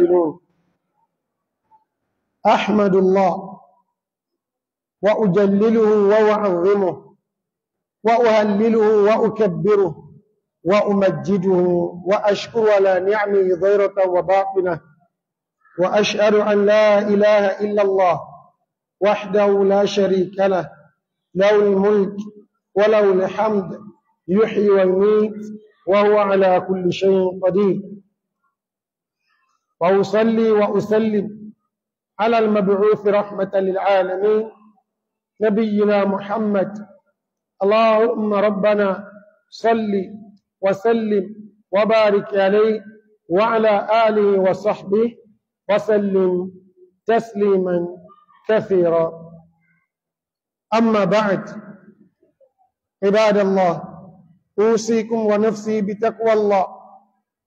المحسنون أحمد الله وأجلله وأعظمه وأهلله وأكبره وأمجده وأشكر على نعمه ظاهرة وباطنة وأشأر أن لا إله إلا الله وحده لا شريك له له الملك وله الحمد يحيي ويميت وهو على كل شيء قدير وأصلي وأسلم على المبعوث رحمة للعالمين نبينا محمد اللهم ربنا صل وسلم وبارك عليه وعلى آله وصحبه وسلم تسليما كثيرا أما بعد عباد الله أوصيكم ونفسي بتقوى الله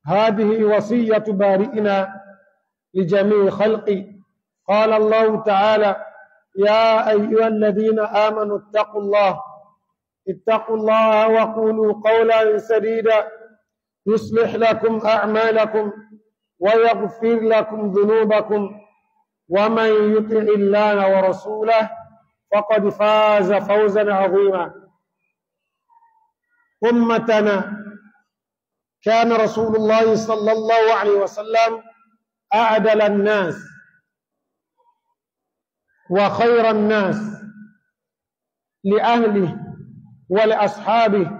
هذه وصية بارئنا لجميع خلقي قال الله تعالى يا أيها الذين آمنوا اتقوا الله اتقوا الله وقولوا قولا سديدا يصلح لكم أعمالكم ويغفر لكم ذنوبكم ومن يطع الله ورسوله فقد فاز فوزا عظيما أمتنا كان رسول الله صلى الله عليه وسلم أعدل الناس وخير الناس لأهله ولأصحابه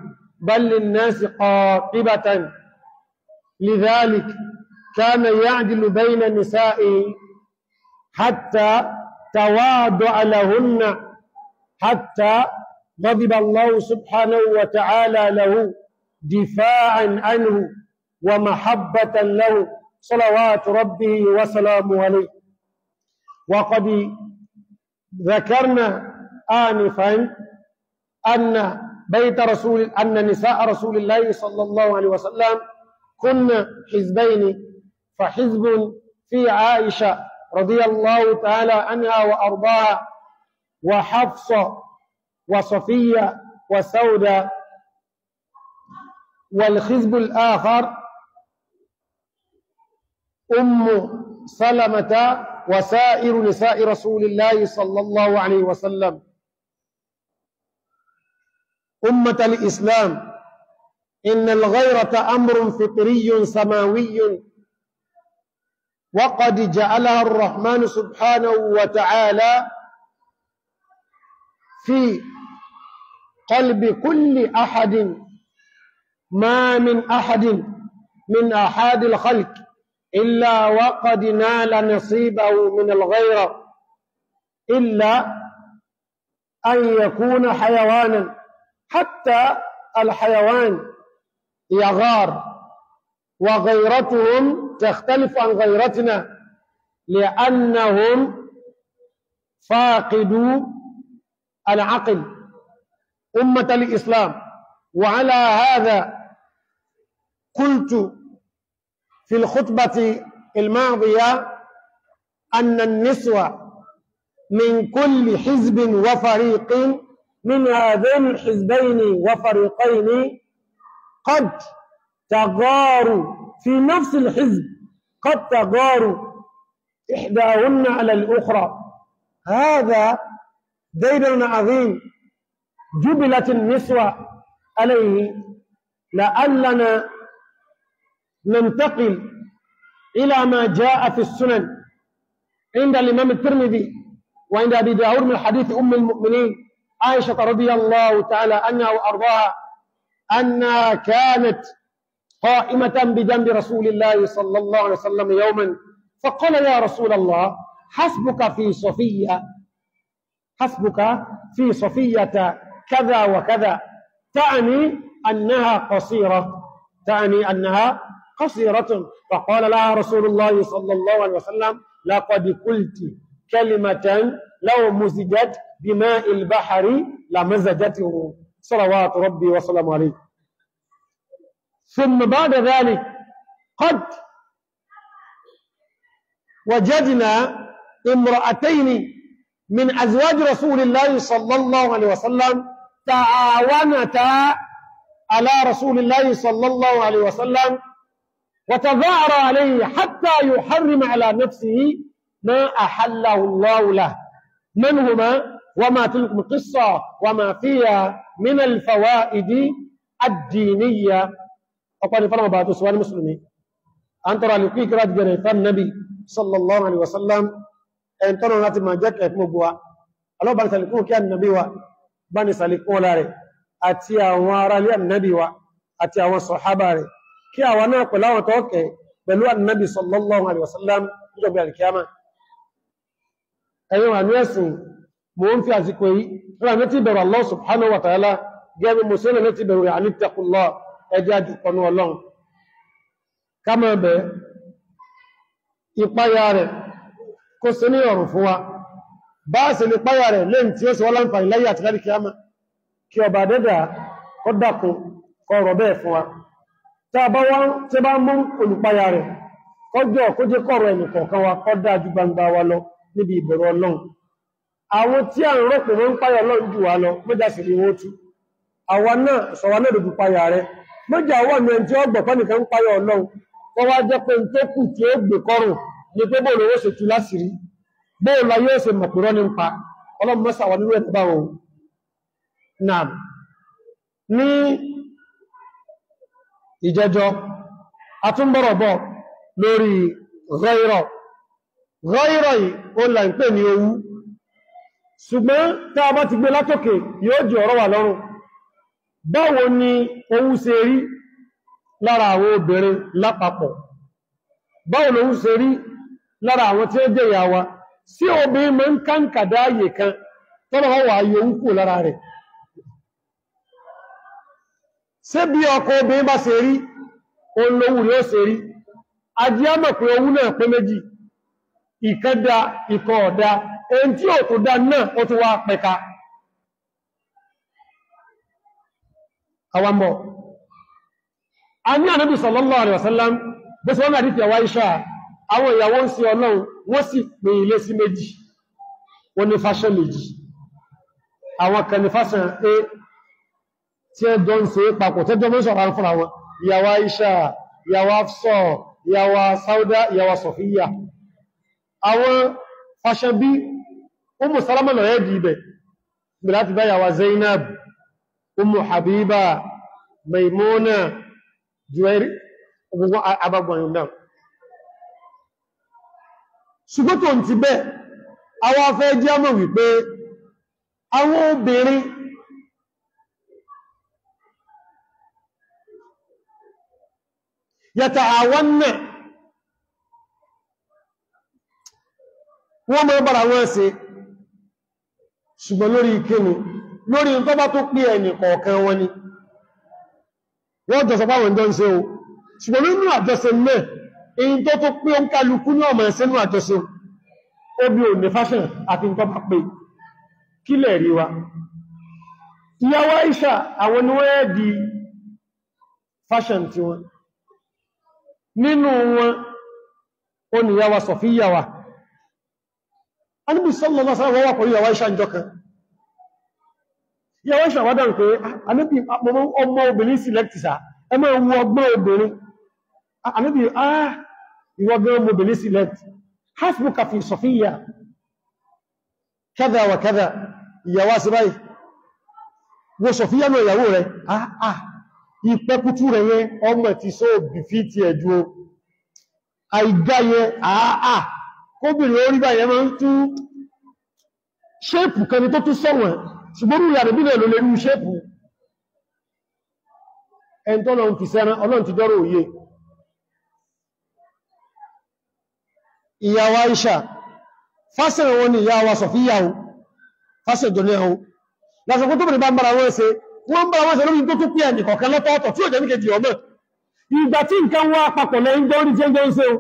بل للناس قاطبة لذلك كان يعدل بين النساء حتى تواضع لهن حتى غضب الله سبحانه وتعالى له دفاعا عنه ومحبة له صلوات ربه وسلامه عليه وقد ذكرنا آنفا أن بيت رسول أن نساء رسول الله صلى الله عليه وسلم كن حزبين فحزب في عائشة رضي الله تعالى عنها وأرضاها وحفصة وصفية وسودة والخزب الآخر أم سلمة وسائر نساء رسول الله صلى الله عليه وسلم أمة الإسلام إن الغيرة أمر فطري سماوي وقد جعلها الرحمن سبحانه وتعالى في قلب كل أحد ما من أحد من أحد الخلق إلا وقد نال نصيبه من الغيرة إلا أن يكون حيوانا حتى الحيوان يغار وغيرتهم تختلف عن غيرتنا لأنهم فاقدوا العقل أمة الإسلام وعلى هذا قلت في الخطبة الماضية أن النسوة من كل حزب وفريق من هذين الحزبين وفريقين قد تغاروا في نفس الحزب قد تغاروا إحداهن على الأخرى هذا دين عظيم جبلت النسوة عليه لعلنا ننتقل إلى ما جاء في السنن عند الإمام الترمذي وعند أبي داود من حديث أم المؤمنين عائشة رضي الله تعالى عنها وأرضاها أنها كانت قائمة بجنب رسول الله صلى الله عليه وسلم يوما فقال يا رسول الله حسبك في صفية حسبك في صفية كذا وكذا تعني أنها قصيرة تعني أنها قصيرة فقال لها رسول الله صلى الله عليه وسلم لقد قلت كلمة لو مزجت بماء البحر لمزجته صلوات ربي وسلم عليه ثم بعد ذلك قد وجدنا امرأتين من أزواج رسول الله صلى الله عليه وسلم تعاونتا على رسول الله صلى الله عليه وسلم وتظاهر عليه حتى يحرم على نفسه ما أحله الله له من هما وما تلك القصة وما فيها من الفوائد الدينية أقول فرما بعض سؤال مسلمين أن ترى لقيك راد جنيفان النبي صلى الله عليه وسلم أن ترى ناتي ما جاك أكمبوا ألو بني سالكون كان النبي و بني سالكون لاري أتيا وارا لي النبي و أتيا وصحابة kí awa náà pẹ̀lú àwọn tọ́ọ̀kẹ́ pẹ̀lú annabi sallallahu alaihi wasallam níjọba alkiyama ẹ̀yìn àmì ẹ̀sìn mo ń fi àsìkò yìí rẹ̀ mẹ́tí bẹ̀rù Allah subhanahu wa ta'ala gẹ́bí musulmi mẹ́tí bẹ̀rù rẹ̀ anítẹ́kùnlọ́ ẹjẹ́ àjùkọ̀nù ọlọ́run kama bẹ̀ ìpáyà rẹ̀ kó sí ní ọ̀rùn fún wa ọba dẹ́dà kọ́ dàkùn kọ́ bẹ́ẹ̀ tí a bá mú olùpayà rẹ̀ kọjọ́ kó jẹ́ kọ̀rọ̀ ẹnì kọ̀ọ̀kan wa kọ́ dáa ju gbangba wa lọ níbi ìbẹ̀rù Ọlọ́run àwọn tí a ń rọ́pò wọ́n ń páyà Ọlọ́run jù wá lọ mẹ́jà sì rí wọ́n tú àwa náà sọ̀wà náà lòdù páyà rẹ̀ mẹ́jà wà ní ẹni tí ó gbọ̀pọ̀ nìkan ń páyà ìjẹjọ́ atúnbọ̀rọ̀bọ̀ lórí lori gọ́ìrọ̀ yìí ó là ń pè ní owú ṣùgbọ́n tá a bá ti gbé látòkè yóò jì ọ̀rọ̀ wà lọ́rùn báwo ni owú ṣe rí lára àwọn obìnrin lápapọ̀ báwo lówú ṣe rí lára àwọn tí ó jẹ́ ìyàwó sí obìnrin mọ́ ń káǹkàdá ààyè kan tọ́lọ́wọ́ wà yóò kú lára rẹ̀ ṣé bí ọkọ obìnrin bá ṣe rí olówù rí ó ṣe rí ajíámọ̀ pé owú náà pé méjì ìkẹ́dá ikọ̀ ọ̀dá ẹni tí ò tó dá náà ó tún wá pẹ̀ka àwambọ̀ a ní ànábì sallallahu alaihi wasallam bó sọ wọ́n àti ìfẹ̀wà àwọn ìyàwó ń sí ọlọ́run wọ́n sì pè ilé sí méjì wọ́n ní fásán méjì àwọn kan fásán tí ẹ jọ ń ṣe papọ̀ tẹ́jọ mẹ́sàn ara fún àwọn ìyàwó Aisha ìyàwó Afsọ ìyàwó Sauda ìyàwó Sofiya àwọn fashẹ́bí Umu Salama lọ ẹ́dì ibẹ̀ bí láti bá ìyàwó Zainab Umu Habiba Maimuna Juwairi ogungun abagbọn yóò ṣùgbọ́n tó ń ti bẹ́ àwọn afẹ́ jẹ́ mọ̀ wípé àwọn obìnrin yàtàáwọ́nà wọ́n mọ́ bára wọ́n ṣe ṣùgbọ́n lórí ìkéni lórí tó bá tó pí ẹni kọ̀ọ̀kan wọn ni wọ́n jọ sọpá wọn jọ́nṣe o ṣùgbọ́n nínú àjọṣe mẹ́ èyí tó tó pí oún kálukú ní ọmọ ẹ̀ṣẹ́ fashion àti tó nínú wọn oníyàwó sọ̀fíyàwó alìbì sọ́lọ̀ lọ́sán wọ́n wà pẹ̀lú yàwó iṣẹ́ ìjọ kan yàwó iṣẹ́ àwádà pé alìbì ah, ah, ọmọ obìnrin sílẹ̀tìsà ẹmọ ewu ọgbọ́n obìnrin alìbì ah, ah ìwọ̀gbọ́n obìnrin sílẹ̀t hasbuka fi sọ̀fíyà kẹ́dà wà kẹ́dà ìyàwó ìpẹ́kútú rẹ̀ yẹn ọmọ ti só bì fi ti ẹ̀jú o àìgáyẹ àáà kóbìnrin orí báyẹ máa ń tún ṣéèpù kan tó tún sọ́wọ̀n ṣùgbọ́n ìyà rẹ̀ bílẹ̀ ló lè rú ṣéèpù ẹn tó lọ fi sẹ́ran ọlọ́n ti dọ́rọ̀ òye ìyàwó Aisha fásẹ̀ wọn ni ìyàwó Sọ̀fíyà o fásẹ̀ jọ ní ẹ̀họ́ lásìkò tó bẹ̀rẹ̀ bá ń bára wọ́n ṣe wọ́n bá wọ́n sẹ́lómi tó tó pí ẹnì kọ̀ọ̀kan lọ́tọ̀ọ̀tọ̀ tí ò jẹ́ níkejì ọmọ ìgbà tí nǹkan wá papọ̀ lẹ́yìn gbọ́ orí jẹ́jẹ́ ń ṣe o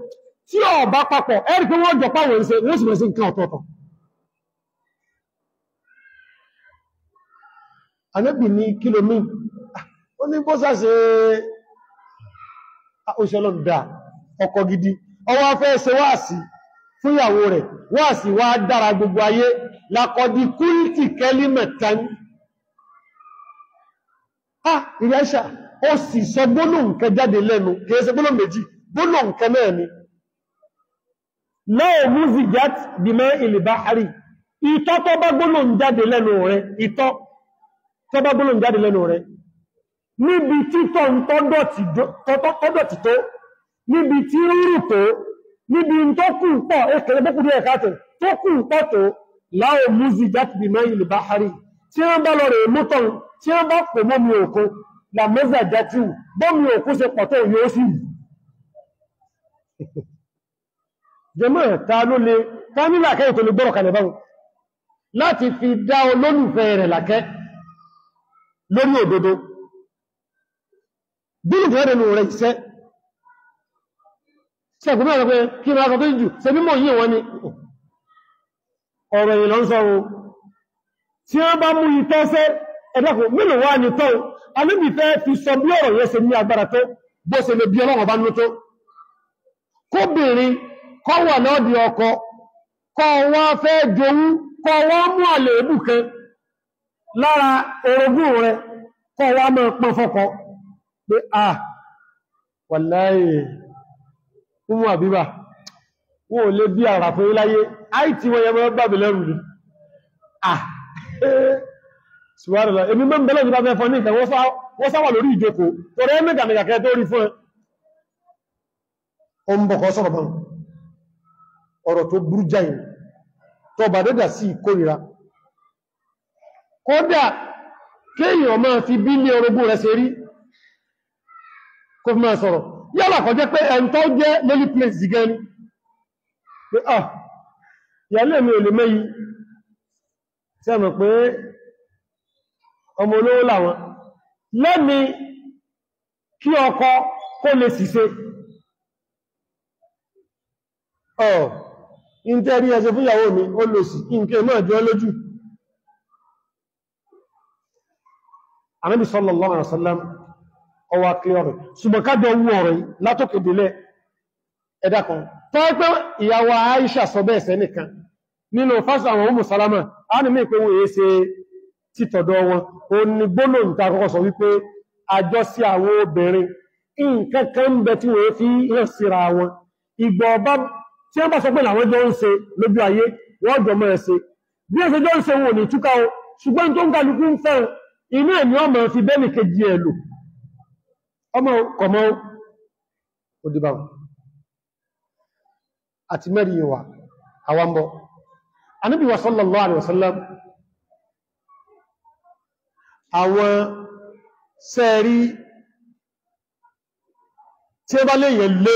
tí ò bá papọ̀ ẹ̀rì pé wọ́n jọ páwọ̀ ń ṣe wọ́n sì mọ̀ sí nǹkan ọ̀tọ̀ọ̀tọ̀ anábì ní kílò mí ó ní bó sáṣe òṣèlọ́dà ọkọ̀ gidi ọwọ́ afẹ́ ṣe wáàsí fúnyàwó rẹ̀ wáàsí wá dára gbogbo ayé lakọ̀dí kúlìtì kẹ́límẹ̀tán ah ìrẹ́ṣà ó sì sọ gbólóǹkẹ jáde lẹ́nu kìí ṣe gbólóǹ méjì gbólóǹkẹ náà ni lọ́ọ̀ múzi ját bímọ́ ìlìbá àrí ìtọ́ tó bá gbólóǹ jáde lẹ́nu rẹ̀ ìtọ́ tó bá gbólóǹ jáde lẹ́nu rẹ̀ níbi títọ́ tọ́dọ̀tì tó níbi tí rírù tó níbi tó kù pọ̀ ẹkẹrẹ bókùnrin ẹ̀kátẹ̀ tó kù pọ̀ tó láọ̀ múzi ját bímọ́ ìlìbá àrí tí wọ́n bá lọ rẹ̀ mọ́tọ̀n tí wọ́n bá pè mọ́ mi òkú la mẹ́fẹ́ jẹ́tù bọ́ mi òkú ṣe pọ̀tọ̀ yóò sì jẹmọ́ ta ló le ta ní làkẹ́ ètò lè gbọ́rọ̀ kalẹ̀ báwọn láti fi dá olólùfẹ́ rẹ̀ làkẹ́ lórí òdodo bílù fẹ́rẹ̀ nù rẹ̀ iṣẹ́ ṣẹ́gbọ́n rẹ̀ pé kí ni a sọ tó jù ṣe mímọ̀ yíò wọn ni ọ̀rọ̀ ìlọ́nsọ́rọ̀ tí wọ́n bá mú ìtọ́sẹ́ ẹ̀dàkùn mílò wá ní tọ́ alébì fẹ́ fi sọ bí ọ̀rọ̀ yẹ́ se ní agbára tó bó se lè bí ọlọ́wọ̀ bá nútó kóbìnrin kọ́ wà náà di ọkọ kọ́ wá fẹ́ jowú kọ́ wá mú àlèébù kan lára orogún rẹ kọ́ wọ́n mọ́ ah Subhanallah èmi mọ́ bẹ̀lẹ̀ ìjọba fẹ́ fún ní ìkẹ̀ wọ́n sáwà lórí ìjókòó tó rẹ̀ tó rí fún o ọ̀rọ̀ tó burú jáyìn tó bà dẹ́dà sí ìkórira kódà kéèyàn máa fi bí ní pé sẹ́mọ̀ pé ọmọ olówó làwọn lẹ́ni kí ọkọ kó lè ṣìṣe ọ̀ ìntẹ́rí ẹsẹ̀ fún ìyàwó mi ó lò sí ìǹkẹ́ náà jọ lójú Ànábì sallallahu alaihi wasallam ọwà kí ọ̀rẹ̀ ṣùgbọ́n ká jọ wú ọ̀rẹ̀ látòkèdélẹ̀ ẹ̀dà kan tọ́ pé ìyàwó Aisha sọ bẹ́ẹ̀ sẹ́nìkan nínú fásitì àwọn Ummu Salama ánìmí pé wọ́n èé ṣe títọ̀dọ̀ wọn o ní gbólóhùn ta kọ́kọ́ sọ wípé àjọ sí àwọn obìnrin nǹkan kan ń bẹ tí wọ́n fi hàn síra wọn ìgbọ̀ ọba tí wọ́n bá sọ pé làwọn jọ ń ṣe lójú ayé wọ́n jọ mọ́ ẹ bí ó jọ ń ṣe wọn ní túká o ṣùgbọ́n tó ń kálukú ń fẹ́ inú ẹ̀mí ọmọ fi bẹ́ẹ̀ni kejì ẹ̀ lò ọmọ kọ̀mọ́ òdìbà àti mẹ́rin ìwà àwọn bọ̀ Ànábì wa sallallahu alaihi wasallam àwọn sẹ́ẹ̀rí tí ó bá lè yẹ lé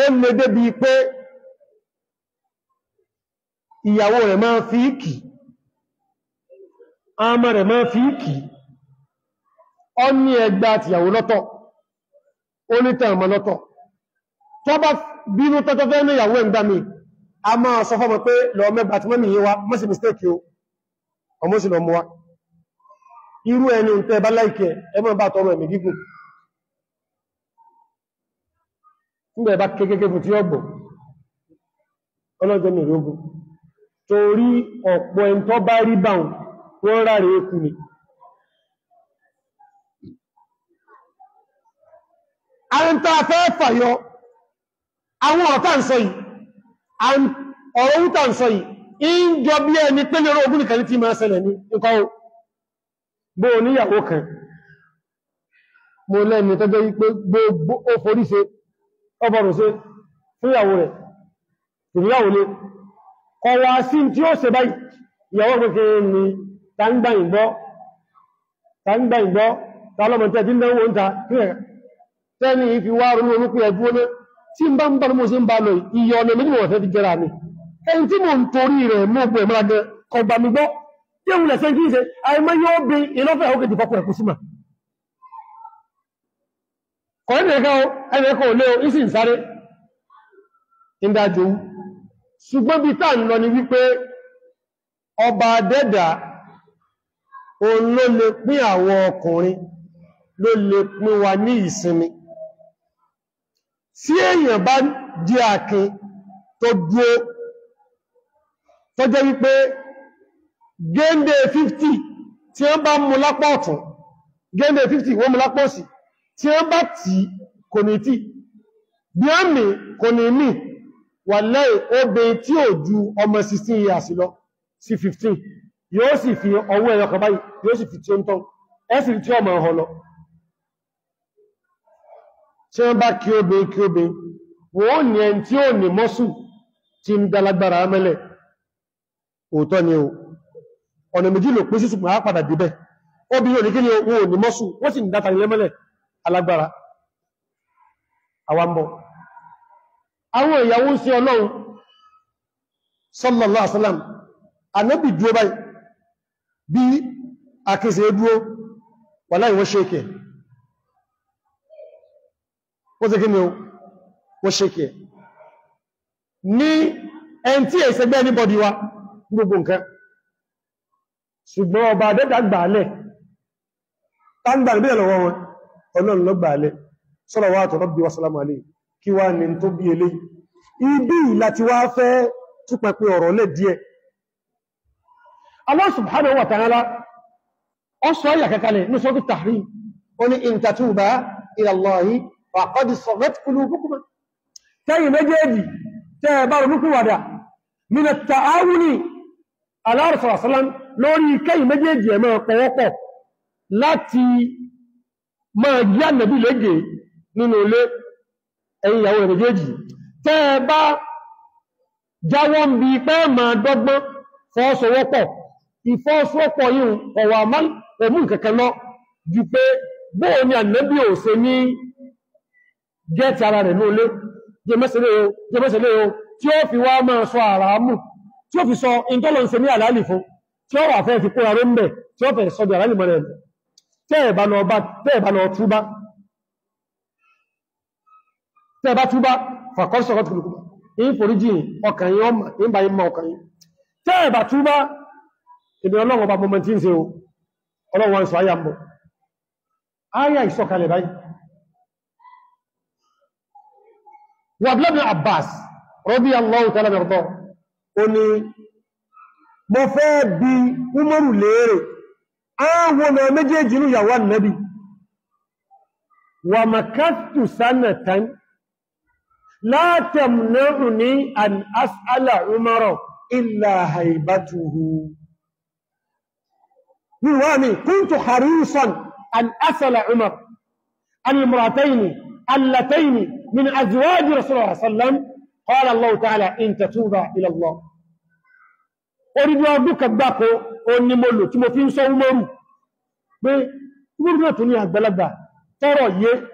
ó lè débi pé ìyàwó rẹ̀ máa fi ìkì àmà rẹ̀ máa fi ìkì ọ ní ẹgbà àtìyàwó lọ́tọ̀ ó ní lọ́tọ̀ tó bínú tọ́tọ́fẹ́ ní ìyàwó ẹ̀gbàmì a máa sọ fọ́mọ̀ pé lọ mẹ́bà tí mọ́mí yíwá mọ́sí mistake o ọmọ sí lọ mọ́wá irú ẹni ń tẹ́ bá láìkẹ́ ẹmọ́ bá tọrọ ẹ̀mì gígùn nígbẹ̀ bá kékeré fún tí ọgbọ̀ ọlọ́jọ́ mẹ́rin torí ọ̀pọ̀ ẹn bá rí báun wọ́n ráre ekú ni àwọn ọ̀tá ń sọ yìí ọ̀rọ̀ wútà ń sọ yìí in jọ bí ẹni pé lérò ogún nìkan tí máa ṣẹlẹ̀ ní nǹkan bó níyàwó kan mo lẹ́ni tó wípé gbogbo ó forí ṣe ọbọ̀rùn ṣe fúnyàwó rẹ̀ ìrìyàwó lé kọwa sí tí ó ṣe báyìí ìyàwó ni tí ń bá ń bá ní mo sí ń bá lọ iye ọ̀nà méjì wọ̀n fẹ́ fi jẹ́ra mi ẹni tí mo ń torí rẹ̀ mú ọgbọ̀ ìmúra gan kọgbà mi gbọ́ tí òun lẹ̀sẹ̀ kí í ṣe àìmọ́ yóò bí ìlọ́fẹ́ òkè ti fọ́kùn ẹ̀kú símà kọ̀rẹ́nìyàn ló lè pín wa ní ìsinmi tí èèyàn bá jẹ́ àkín tó dúó tó jẹ́ wípé géńdé 50 tí wọ́n bá mú lápá ọ̀tún géńdé 50 wọ́n mú lápá òsì tí wọ́n bá tí kò ní tí bí wọ́n mì kò ní mì wà lẹ́ì obè tí ò ju ọmọ 16 years lọ sí 15 yóò sì fi ọwọ́ ẹ̀yọkọ̀ báyìí yóò sì fi tí ó ń tán ẹ́sì tí ọmọ ọ̀họ̀ lọ tí wọ́n bá kí obe kí obe wọ́n ní ẹn tí ó ní mọ́sù tí ń dalagbara mẹ́lẹ̀ òótọ́ ni o ọ̀nà méjì ló pín sí ṣùgbọ́n á padà dìbẹ̀ obi ní mọ́sù wọ́n sì ń dáta ilẹ̀ mẹ́lẹ̀ alágbára àwambọ̀ àwọn ìyàwó sí ọlọ́run sallallahu alaihi wasallam ànábì dúró báyìí bí àkẹsẹ̀ dúró ó ti kí ni ó ṣe kí ẹ ní ẹn tí èsẹ gbẹ́ ní wa gbogbo nǹkan ṣùgbọ́n ọba adẹ́gbà gbàálẹ̀ tàbí àbílẹ̀ lọ́wọ́ wọn ọlọ́run gbàálẹ̀ salawatu rabbi wa bí ní sọ́tù wàkọ́dì sọ̀rẹ́tìkúlù púpùpù tẹ́yìn méjèèjì tẹ́ ẹ̀bá ronúkúwàdà mina ta'awuni aláàrùsọ̀rọ̀sọ́lá lórí kẹ́yìn méjèèjì ẹ̀mọ́ pọ̀wọ́pọ̀ láti máa jí ànàbí léje nínú ilé ẹ̀yìn ìyàwó méjèèjì tẹ́ ẹ̀bá jáwọ́ ń bí pẹ́ máa dọ́gbọ́n fọ́ọ́sọwọ́pọ̀ ìfọ́ọ́sọwọ́pọ̀ yìí ọ̀wà mọ́ òmù kẹ̀kẹ́ lọ ju jẹ́ ti ara rẹ̀ lóòlé jẹmẹ́sẹ̀lẹ́ o tí ó fi wá máa sọ ara mú tí ó fi sọ intọ́lọ̀nsẹ̀ ní àlàálì fún tí ó wà fẹ́ fi kó ara ń bẹ̀ tí ó fẹ́ sọ di àlàálì mọ́rẹ̀ tẹ́ẹ̀bá lọ túbá fàkọ́sọ̀kọ́ Ọlọ́run sọ ayà ń bọ̀. Ayà ìsọ̀kalẹ̀ wàbílọ́bìn Abbas rọ́bí Allahu ta'ala mẹ́rọ̀tọ́ o ni mo fẹ́ bí Umaru léèrè àwọn ọmọ méjèèjì ní ìyàwó annabi wà makastu sanatan látẹ̀m náà ní an as'ala Umaru illa haibatuhu wíwá mi kúntù harisan an as'ala Umar al-murataini allataini من أزواج رسول الله صلى الله عليه وسلم قال الله تعالى إن تتوبا إلى الله أريد أبوك باكو أني مولو تمو فين سو مورو بي مرنا تني أقبلبا ترى يه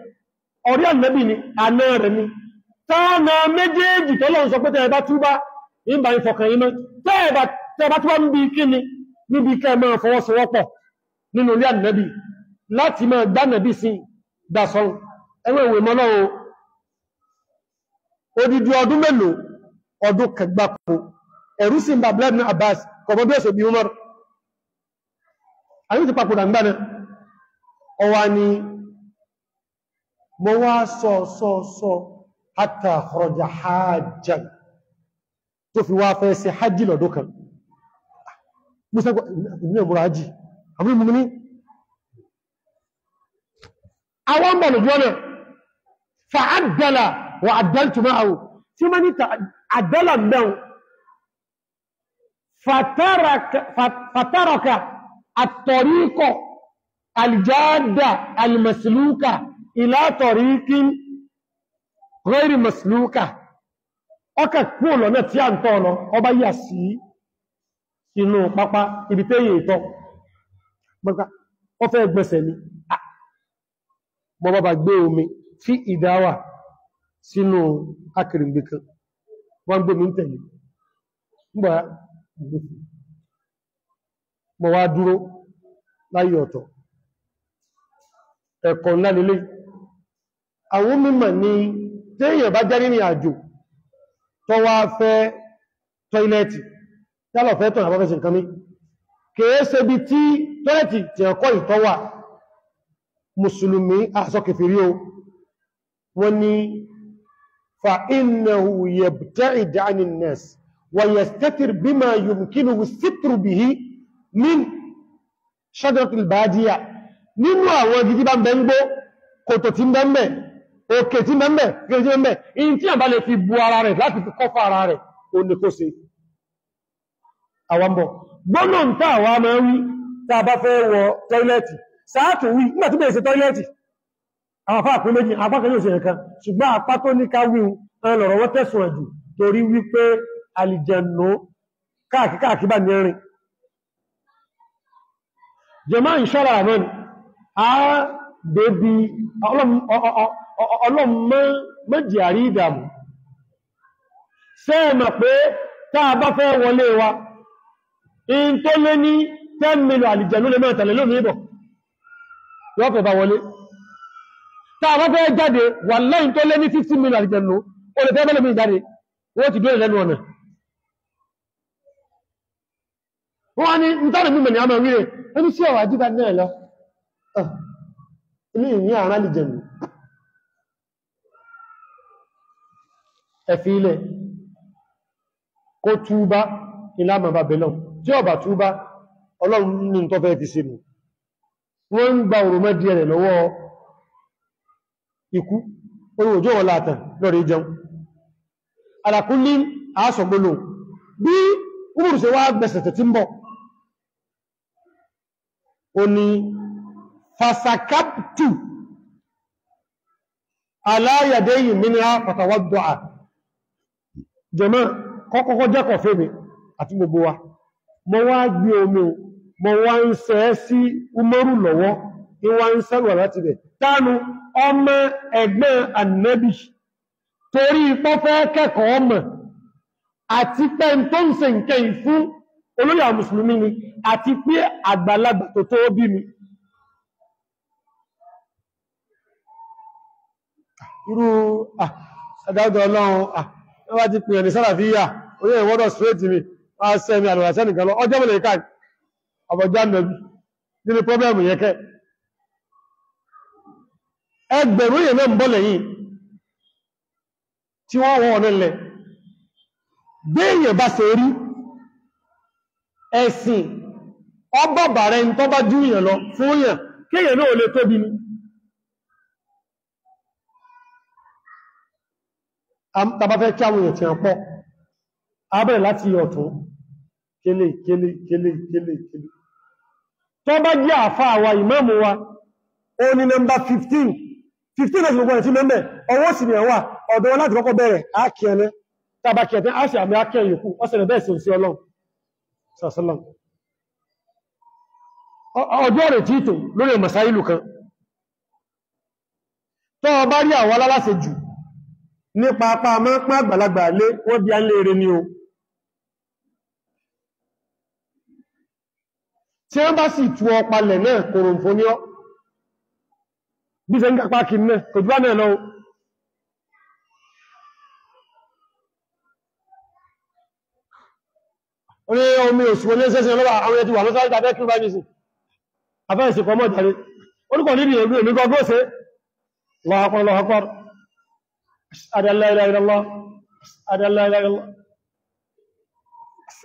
أريد النبي أنا رني تانا مجيجي تلون سكوت أبا توبا إن باين فوقا إما تأبا تأبا توبا مبيكيني نبيكا ما فوصوكو ننو لأ النبي láti máa dánàbí sí dásán ẹwẹ́ ìwé mọ́lọ́wọ́ odidi ọdún mélòó ọdún kẹgbàpò ẹ̀rú sí ìbà blẹ́bìn abbas kọ̀bọ̀dé ẹ̀sọ̀ bí umar ayé ti papòdà ń gbáná ọwá ni mọ́ wá sọ sọ sọ hatta kharaja hajjan tó fi wá fẹ́ sí hajji lọ́dún kan fa'addala wà àdẹ́lù máa tí ma ní àdẹ́lù mẹ́un fàtàràkà àtọ̀ríkọ̀ alìjáàdà alìmọ̀sílúkà ìlàtọ̀ríkí rẹ́rì mọ̀sílúkà ọkà kú ọ̀lọ́nà tí a ń tọ́ ọ̀nà ọba yà sí inú pápá ibi tẹ́yìn ìtọ́ ọ gbẹ̀sẹ̀ ni ah! bọ́bá gbé omi fi ìdáwà sínú akèrègbè kan wọ́n gbé mi ń tẹ̀lé ńgbà ìgbòfin mọ̀ wá dúró láyé ọ̀tọ̀ ẹ̀kọ̀ ńlá àwọn mímọ̀ ni bá jẹ́ nínú àjò tó wá fẹ́ tọ́ilẹ̀tì yálọ̀ fẹ́ tọ́nà àbáfẹ́sì nǹkan mi bí tí mùsùlùmí o wọ́n ni فإنه يبتعد عن الناس ويستتر بما يمكنه الستر به من شجرة البادية nínú àwọn igi tí bá ń bẹ ń gbó kòtò tí ń bẹ ń bẹ òkè tí ń bẹ ń bẹ gẹ́gẹ́ tí ń bẹ in tí àbá lè fi bu ara rẹ̀ láti fi kọ́fà ara rẹ̀ o ní kó se àwọ̀mbọ̀ gbọ́nà ń tàà wá máa wí tàbá fẹ́ wọ tọ́ílẹ̀tì sáàtù wí nígbàtí bẹ̀rẹ̀ sí tọ́ílẹ̀tì àwọn apá àpín méjì apá kan ní òsì ẹ̀kan ṣùgbọ́n apá tó ní torí wípé àlìjẹ̀nù káàkiri bá ní ẹrin jẹmọ́ ìṣọ́lá àmọ́n a débi ọlọ́mọ méjì àrí ìdàmù sẹ́ẹ̀mọ̀ pé táà bá fẹ́ wọlé wa in tó lé ní 10 lè tàbá fẹ́ jáde wà láì tó lé ní 50 million àjẹ̀nù olùfẹ́ bẹ́lẹ̀ mi jáde wọ́n ti dúró lẹ́nu ọ̀nà wọ́n ni ìtàrí mímẹ̀ ni a mọ̀ wíre ẹni sí ọ̀wà jíba náà lọ ilé ìyìn àrán lè jẹ̀nù ẹ̀fì ilẹ̀ kó túbá ìlàmà babylon tí ọba túbá ọlọ́run ní tọ́fẹ́ fi sínú wọ́n ń gba òròmọ́ díẹ̀ lọ́wọ́ ikú orí òjò wọn látàn lọ́rẹ̀ jẹun alákúnlé àásọ̀gbónà bí kúrùrù se wá gbẹ̀sẹ̀tẹ̀ tí ń bọ̀ o ni fasakaptu aláyàdẹ́yìn mínira pàtàwàdọ́à jẹmọ́ kọ́kọ́kọ́ jẹ́kọ̀ fẹ́mi àti gbogbo wa mọ́ wá gbí omi mọ́ wá ń sẹ́ sí umaru lọ́wọ́ ọmọ ẹ̀gbọ́n annabi torí pọ́fẹ́ kẹ́kọ̀ọ́ ọmọ àti pẹ́ tó ń ṣe nkẹ́ fún olóyà mùsùlùmí ni àti pé àgbàlagbà tó tó bí mi irú àdáwọ̀dọ̀ ọlọ́run àwọ́ ti pìyàn ní sálàfíyà orí ìwọ́dọ̀ sírètì mi wá sẹ́mi àlùwàsẹ́ nìkan lọ ọjọ́ mẹ́lẹ̀ káàkiri ọbọ̀já nẹ̀bí nínú pọ́bẹ̀mù yẹ́kẹ́ ẹgbẹ̀rún èèyàn náà ń bọ́ lẹ́yìn tí wọ́n wọ́n ọ̀nà ilẹ̀ béèyàn bá ṣe rí ẹ̀sìn ọgbọ̀bà rẹ̀ ń tọ́ bá jú èèyàn lọ fún èèyàn kéèyàn náà lè tóbi ni tàbáfẹ́ kí àwọn èèyàn ti hàn abẹ́rẹ̀ láti ọ̀tún kélé kélé kélé kélé kélé tó jẹ́ àfáà wa ìmáàmù wa ó ní nọ́mbà 15 15 minutes gbogbo ẹ̀tí mẹ́mẹ́ ọwọ́ sì ni ẹ̀wà ọ̀dọ̀ wọn láti kọ́kọ́ bẹ̀rẹ̀ ákí ẹ̀lẹ́ tàbàkì ẹ̀tẹ́ áṣì àmì ákí ẹ̀yòkú ọ́sẹ̀lẹ̀ bẹ́ẹ̀ sí òsí ọlọ́run sàṣọ́lọ́run ọjọ́ rẹ̀ títò lórí masáìlù kan tọ́ bá rí ni o tí wọ́n bá sì tú ọpalẹ̀ náà kòròǹfóníọ́ bí ṣe ń kápá kí mẹ́ kò jùbá náà lọ orí omi òṣù olé ṣẹ́ṣẹ́ lọ́wà àwọn ẹ̀tí wà ló sáré tàbí ẹkùn bá ní sí afẹ́ ìsìnkọ mọ́ ìjàre orúkọ níbi èmi èmi gọgọ́ ṣe lọ́hàkọ́ lọ́hàkọ́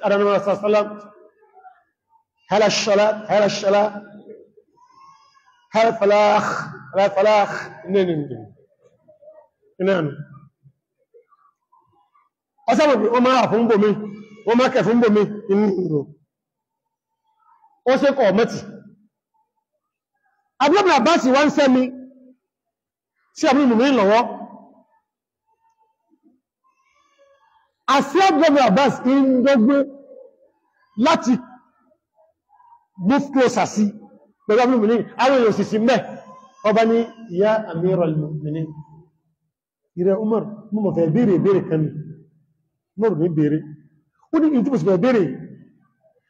adalla الصلاة هل الصلاة هل الفلاح على طلاق اثنين اثنين نعم ọsọ́bọ̀ bí wọ́n máa fún bòmí wọ́n máa kẹ fún bòmí inú ìrò ó ṣe kọ̀ mẹ́tì abúlọ́bìnà bá sì wá ń sẹ́ mi sí àbúrò mìí lọ́wọ́ àṣí abúlọ́bìnà bá sì ń dọ́gbé láti move closer sí pẹ̀lú àbúrò àwọn èèyàn sì mẹ́ẹ̀ ọba ní ya amiral mu'minin ìrẹ umar mú mọ̀ fẹ́ bèèrè bèèrè kan umar ní bèèrè ó ní ìtí mọ̀ bèèrè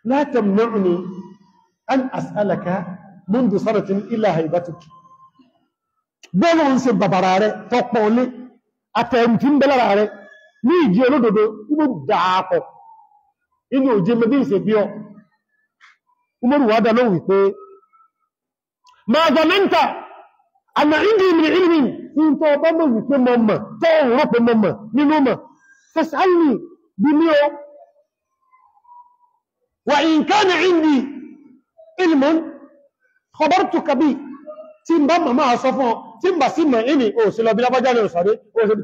la tamna'ni an as'alaka mundu sanatin illa haibatuk bọ́ọ̀lọ́ ń ṣe bàbàrà rẹ tọpọ̀ olé àtẹ̀rùtí ń bẹ́lára rẹ ní ìjì olódodo inú dàápọ̀ àmà ìdí ìmìnì ìrìn tí ń tọ́ ọba mọ̀ wípé mọ̀ mọ̀ tọ́ òwúrọ̀ pé mọ̀ mọ̀ nínú mọ̀ fẹ́sàánì bí mí o wà ìǹkánà ìdí ilmọ̀ ọbọ̀rùtùkà bí tí ń bá màmá sọ fún ọ tí ń bà sí mọ̀ ìní òsìlọ bí lábájá lè sọ̀rẹ́ òsìlọ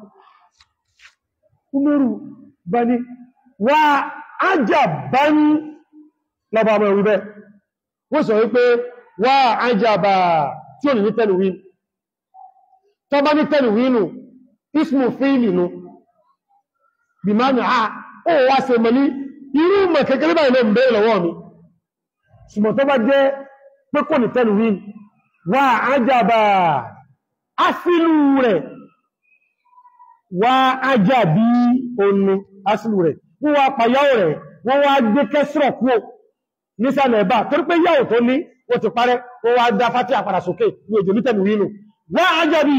umaru bá wà ájàbá lọba ọmọ ìwú bẹ, wọ́n sọ wípé wà ájàbá tí ò ní tẹ́lù wínú bá ní tẹ́lù wínú ismu fíìlì nú bí máa nù àà ah, ó wá se mọ̀ ní irú mọ̀ kékeré báyìí lọ lọ́wọ́ mi bá wá ájá bí omi asìlù rẹ̀ wọ́n wá pàyáwò rẹ̀ wọ́n wá gbé kẹsìrọ̀ kúò nísàlẹ̀ ẹ̀bá torí pé yàwó tó ní o ti parẹ́ wọ́n wá dá fátí àpàdà sókè ní èdè mítẹ̀lú nínú wá ájá bí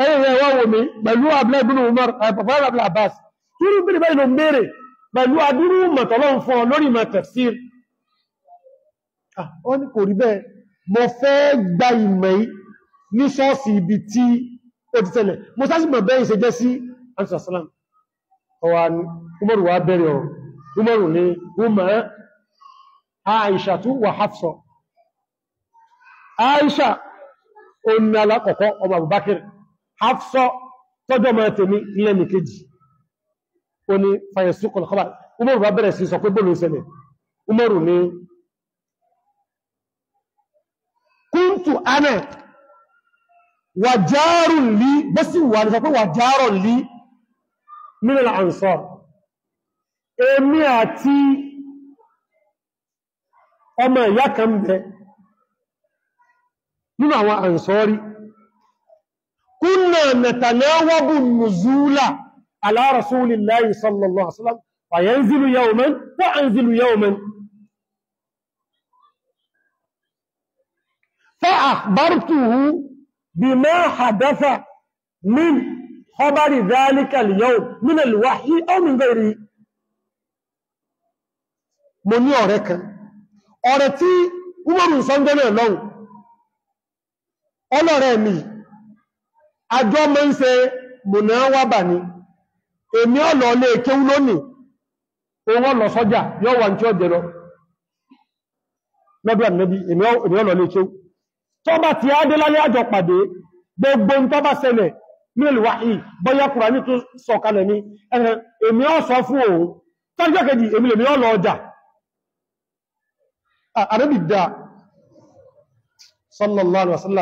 ẹ̀yìn rẹ̀ wọ́n wò mí pẹ̀lú abúlẹ́gbùn Umar àpapọ̀ eh, abúlẹ́ Abbas tí rú bílẹ̀ báyìí ló mèrè pẹ̀lú adúrú mọ̀tọ̀lọ́n fún ọ lórí mọ̀ tafsir ó ní kò rí bẹ́ẹ̀ mo fẹ́ gba ṣọ́ọ̀sì ibi tí ó ti tẹ́lẹ̀ mọ́sásímọ̀ bẹ́yìn se jẹ́ sí ansasalam ọwà umaru wa bẹ̀rẹ̀ ọ̀rọ̀ umaru ní umar aisha tún wà hafsọ aisha oní alákọ̀ọ́kọ́ ọmọ abubakir hafsọ tọ́jọ́ mọ́ tèmi lẹ́nì kejì ó ní fayasukul khabar wà járù lí bó sì wà ní sọ pé wà járù lí mínal ansar èmi àti ọmọ ìyá kan bẹ nínú àwọn ansọ́rí kúnnà nàtàlẹ́wọ́bù nùzúlà ala rasulillahi sallallahu alaihi wasallam fa yanzilu yawman wa anzilu yawman بما حدث من خبر ذلك اليوم من الوحي أو من غيره mo ní ọ̀rẹ́ kan ọ̀rẹ́ tí umaru sọ́njọ́ náà lọ́wọ́ mi àjọ mọ́ ń mo na wà bà emi, èmi ọ̀lọ́ lè kéwú lónìí owó lọ sọ́jà yọ́ wà ní tí tọba ti ádé láyé àjọ pàdé gbogbo ń tọ́bá ṣẹlẹ̀ mílùwà ì bọ́yá Kùránì tó sọ̀kalẹ̀ ní ẹ̀rẹ̀ èmi ọ́ fún òun tọ́jọ́ kejì èmi lèmi ọ́ lọ ọjà àrẹ́bìdá sallallahu alaihi fún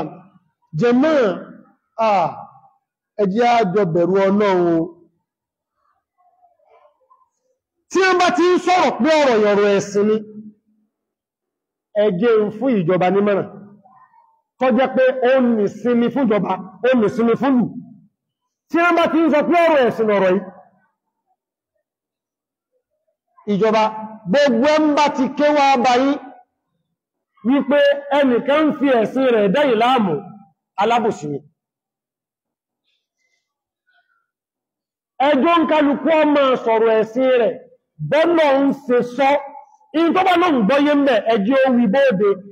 tó jẹ́ pé ó ní sinmi fún ìjọba ó ní sinmi fún lù tí wọ́n bá ti ń sọ pé ọ̀rọ̀ ẹ̀sìn ọ̀rọ̀ yìí ìjọba gbogbo ẹ̀ ń bá ti kéwà báyìí wípé ẹnìkan ń fi ẹ̀sìn rẹ̀ dẹ́yìn láàmú alábòsí ẹjọ́ ń kálukú ọmọ sọ̀rọ̀ ẹ̀sìn rẹ̀ bọ́nà ń ṣe sọ in tó bá lóògbọ́yé mẹ́ ẹjọ́ wí bóòdè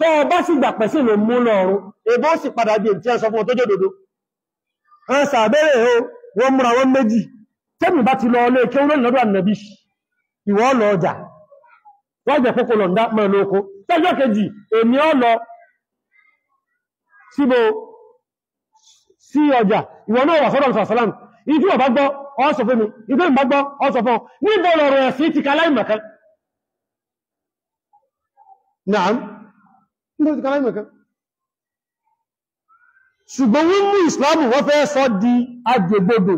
tọ́ ọba sì gbà pẹ̀sí lè mú lọ́rùn ebó sì padà bí ìtí ẹsọ fún ọtọ́jọ́ òdodo wọ́n sàbẹ̀rẹ̀ o wọ́n múra wọ́n méjì tẹ́mì bá ti lọ ọlé kí wọ́n lọ́dọ̀ ànàbí ìwọ́ lọ ọjà wọ́n jẹ́ kókò lọ́ndá mẹ́rin oko tọ́jọ́ kejì èmi ọ lọ síbo sí ọjà ìwọ náà wà sọ́dọ̀ sàlám ìdí ọba gbọ́ ọ sọ fún mi ìdí ọba gbọ́ ọ sọ fún ọ níbo lọ̀rọ̀ ẹ̀sìn ti kaláìmọ̀kan Naam nígbà ti kaláìmọ̀ kan ṣùgbọ́n wọ́n mú ìsìláàmù wọ́n fẹ́ sọ di agbègbodò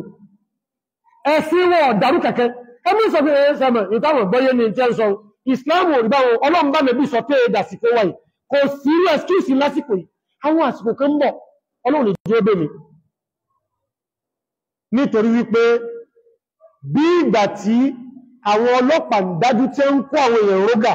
ẹ̀sìn wọ́n ọ̀dàrú kẹ̀kẹ́ ẹmú ìsọ̀fẹ́ ẹ̀sẹ̀mọ̀ ìtàwọn gbọ́yé ní ìtẹ́ sọ ìsìláàmù òrìbá wọn ọlọ́mbà mẹ́bí sọ pé dàsìkò wáyìí kò sí ẹ̀skúsì lásìkò yìí àwọn àsìkò kan bọ̀ ọlọ́run jẹ́ bẹ́mi nítorí wípé bí ìgbà tí àwọn ọlọ́pàá ń dájú tẹ́ ń kó àwọn èèyàn rógà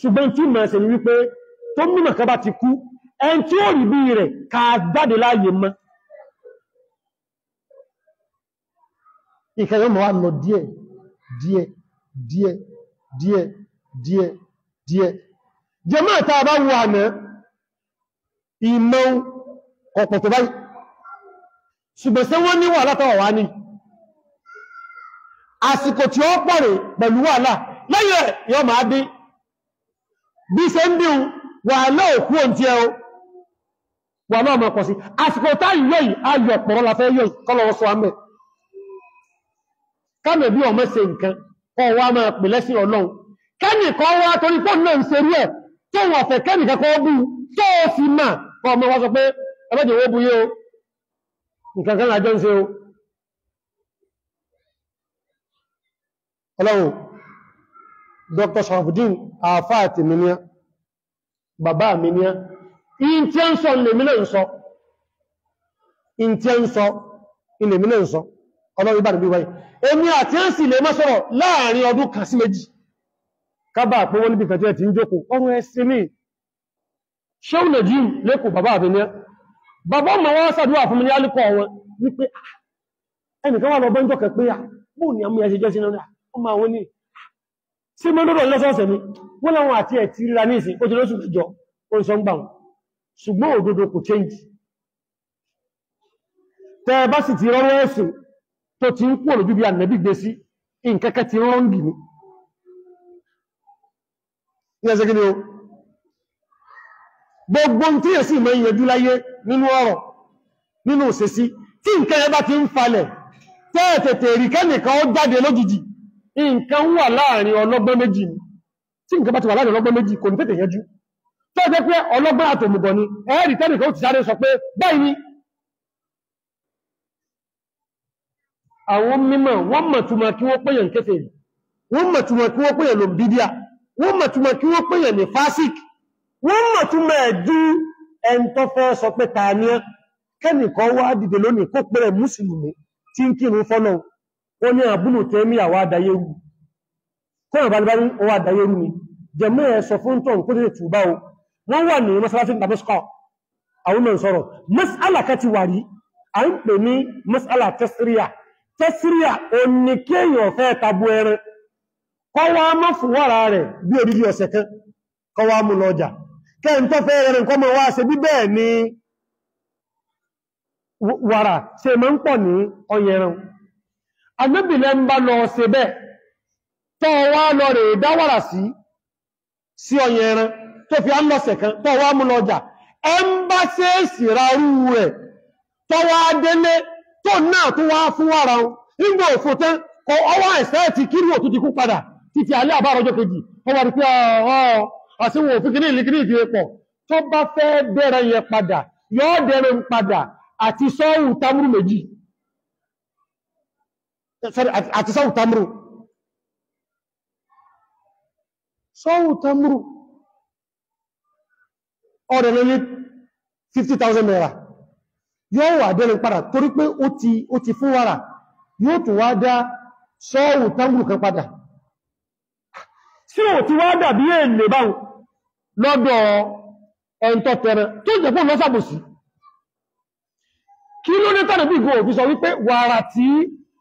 ṣùgbọ́n tí ma ṣe ni wípé tó mímọ̀ kan bá ti kú ẹn tí ó rí bí rẹ̀ ká jáde láàyè mọ́ ìkẹyọ́ mọ̀ wá lọ díẹ̀ díẹ̀ díẹ̀ díẹ̀ díẹ̀ díẹ̀ jẹmọ́ ẹ̀ta bá wù àná ìmọ̀ ọ̀pọ̀ báyìí ṣùgbọ́n sí wọ́n ní wàhálà tọ́wọ̀ wá ní bí ṣe ń bí wà lóòkú ohun tí ẹ o wà náà mọ̀ pọ̀ sí àsìkò tá yọ yìí ayọ̀ ọ̀pọ̀rọ̀ la fẹ́ yọ yìí kọ́lọ̀wọ́ sọ àmẹ́ kánà bí ọmọ ṣe nǹkan kọ́ wá máa pè lẹ́sìn ọlọ́run kẹ́nì kan wá torí pọ́ náà ń ṣe rí ẹ̀ tó wọ́n fẹ́ o sì mà kọ́ ọmọ wá o nǹkan kan lájọ́ ń ṣe o ọlọ́run dr shahudin àfáàtì mìíníà bàbá mìíníà in tí a ń sọ ilẹ̀mìnà ń sọ in tí a ń sọ ilẹ̀mìnà ń sọ ọlọ́run bá níbi wáyé èmi àti ẹ́ sì lè mọ́ sọ̀rọ̀ láàrin ọdún kan sí méjì kábà pé wọ́n níbi kẹjọ́ ẹ̀ ti ń jókòó ọrún ẹ̀sìn ní ṣéun nàíjíríà lẹ́kọ̀ọ́ bàbá àbẹ̀mìíà sí mọ́lọ́rọ̀ lọ́sọ̀ọ̀sẹ̀ ni wọ́n láwọn àti ẹ̀ ti ríra ní ìsìn ó ti lóṣù jọ ó ń sọ ń gbà wọn ṣùgbọ́n òdodo kò change tẹ́ bá sì ti rọrọ ẹ̀sìn tó ti ń kú òlójú bí ànẹ́bí gbé sí ìǹkẹ́kẹ́ ti rọrọ ń bì mí ní ẹsẹ́ gíní o gbogbo tí èsì mọ́ ìyẹjú láyé nínú ọ̀rọ̀ nínú òṣèṣí tí ìǹkẹ́yẹ bá ti ń falẹ̀ tẹ́ẹ̀tẹ̀tẹ̀ rí kẹ́nìkan ó jáde lójijì nǹkan wà láàrin ọlọ́gbọ́n méjì ni tí nǹkan bá ti wà láàrin ọlọ́gbọ́n méjì kò ní tètè yanjú tó jẹ́ pé ọlọ́gbọ́n àtòmùgọ̀ ni ẹ̀ẹ́rì tẹ́nìkan ó ti sáré sọ pé báyìí ni àwọn mímọ̀ wọ́n mọ̀túnmọ̀ kí wọ́n pèyàn kéfèé wọ́n mọ̀túnmọ̀ kí wọ́n pèyàn lòmbídíà wọ́n mọ̀túnmọ̀ kí wọ́n pèyàn ní fásik wọ́n mọ̀túnmọ̀ ẹ̀dú ẹntọ́fẹ́ sọ pé tààníẹ́ kẹ́nìkan wá dìde lónìí kó pẹ̀rẹ̀ mùsùlùmí tí ń kírun fọ́lọ́un onye ní àbúnù tẹ́mí àwọ́ àdáyérú kọ́nà balibari owó àdáyérú ni jẹmọ́ ẹ̀ sọ fún tọ́n kó tẹ́lẹ̀ túbá o wọ́n wà ní masalafin damasco àwọn sọ́rọ̀ masala a ń pè ní masala tẹ́síríà tẹ́síríà o ní kéèyàn fẹ́ ẹran kọwa agbébìnlẹ̀ ń bá lọ ṣe bẹ́ẹ̀ tọ́ wá lọ rẹ̀ dáwàrà sí sí ọyẹ ẹran tó fi ánlọ́sẹ̀ kan tọ́ wá mú lọ jà ẹ ń bá ṣe ìsìrarú rẹ̀ tọ́ wá délé tó náà tó wá fún wára wọn nígbà ti kírù òtún ti kú padà títí alẹ́ àbárọjọ́ kejì wọ́n wà ní pé ọ̀ọ́ àsìwò òfin kìíní ìlú kìíní àti sọ́ọ̀wù tamuru méjì sorry àti sọ́wù tamru sọ́wù tamru ọ̀rẹ̀ ló ní 50,000 naira yóò wà dẹ́rin padà torí pé ó ti fún wàrà yóò tó wá dá sọ́wù tamru kan padà sí ò tí wá dàbí èlè báhùn lọ́dọ̀ ẹ̀ntọ́ tẹ̀rẹ tó jẹ́ lọ́sàbòsí kí ló ní tàbí ìgbò òfin sọ wípé wàrà tí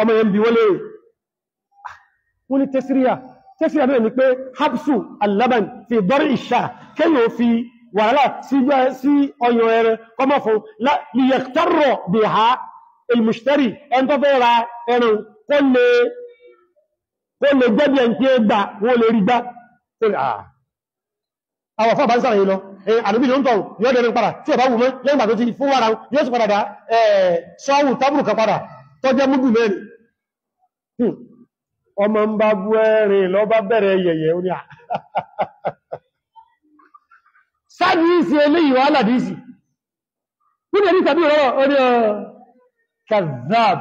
ọmọ yẹn bí wọ́n lè wọ́n ní tẹ́síríà tẹ́síríà náà ni pé hapsu alaban fi dọ́rí ìṣà kẹ́yìn ò fi wàhálà sí ọyàn ẹran kọmọ fún liyẹ̀tọ́rọ̀ bí ha ilmùsítẹ́rì ẹn tó fẹ́ ra ẹran kó lè jẹ́bí ẹn tí ó gbà wọ́n lè rí gbá àwọn fọ́ àbánsá rẹ̀ lọ àdúgbì ló tó jẹ́ múdù mẹ́rin hmm. ọmọ ń bá bú ẹ̀rìn lọ bá bẹ̀rẹ̀ yẹ̀yẹ̀ orí à sáàdìísì eléyìí wà aládìísì kúrò ní tàbí ọ̀rọ̀ orí oh, kazab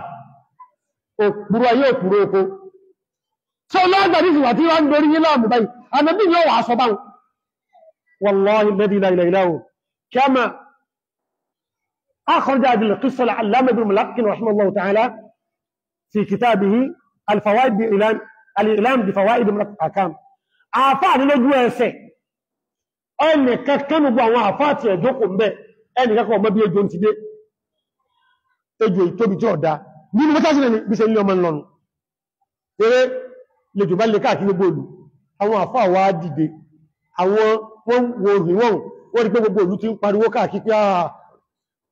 òpùrọ̀ ayé oko wà أخرج هذه القصة العلامة بن ملقن رحمه الله تعالى في كتابه الفوائد بإعلام الإعلام بفوائد من الأحكام àfáà ní lójú ẹsẹ̀ ẹni kẹkẹnu bú àwọn àfáà ti ẹ̀dọ́kùn bẹ́ ẹni kẹkọ̀ọ́ mọ́ bí ejò ti dé ejò ìtóbi tí ọ̀dá nínú mọ́tásí lẹ́ni bí se ní ọmọ ìlọ́nu eré lèjò bá lè káàkiri gbòòlù àwọn àfáà wá dìde àwọn wọ́n wọ́n wọ́n rí pé gbogbo ìlú ti ń pariwo káàkiri pé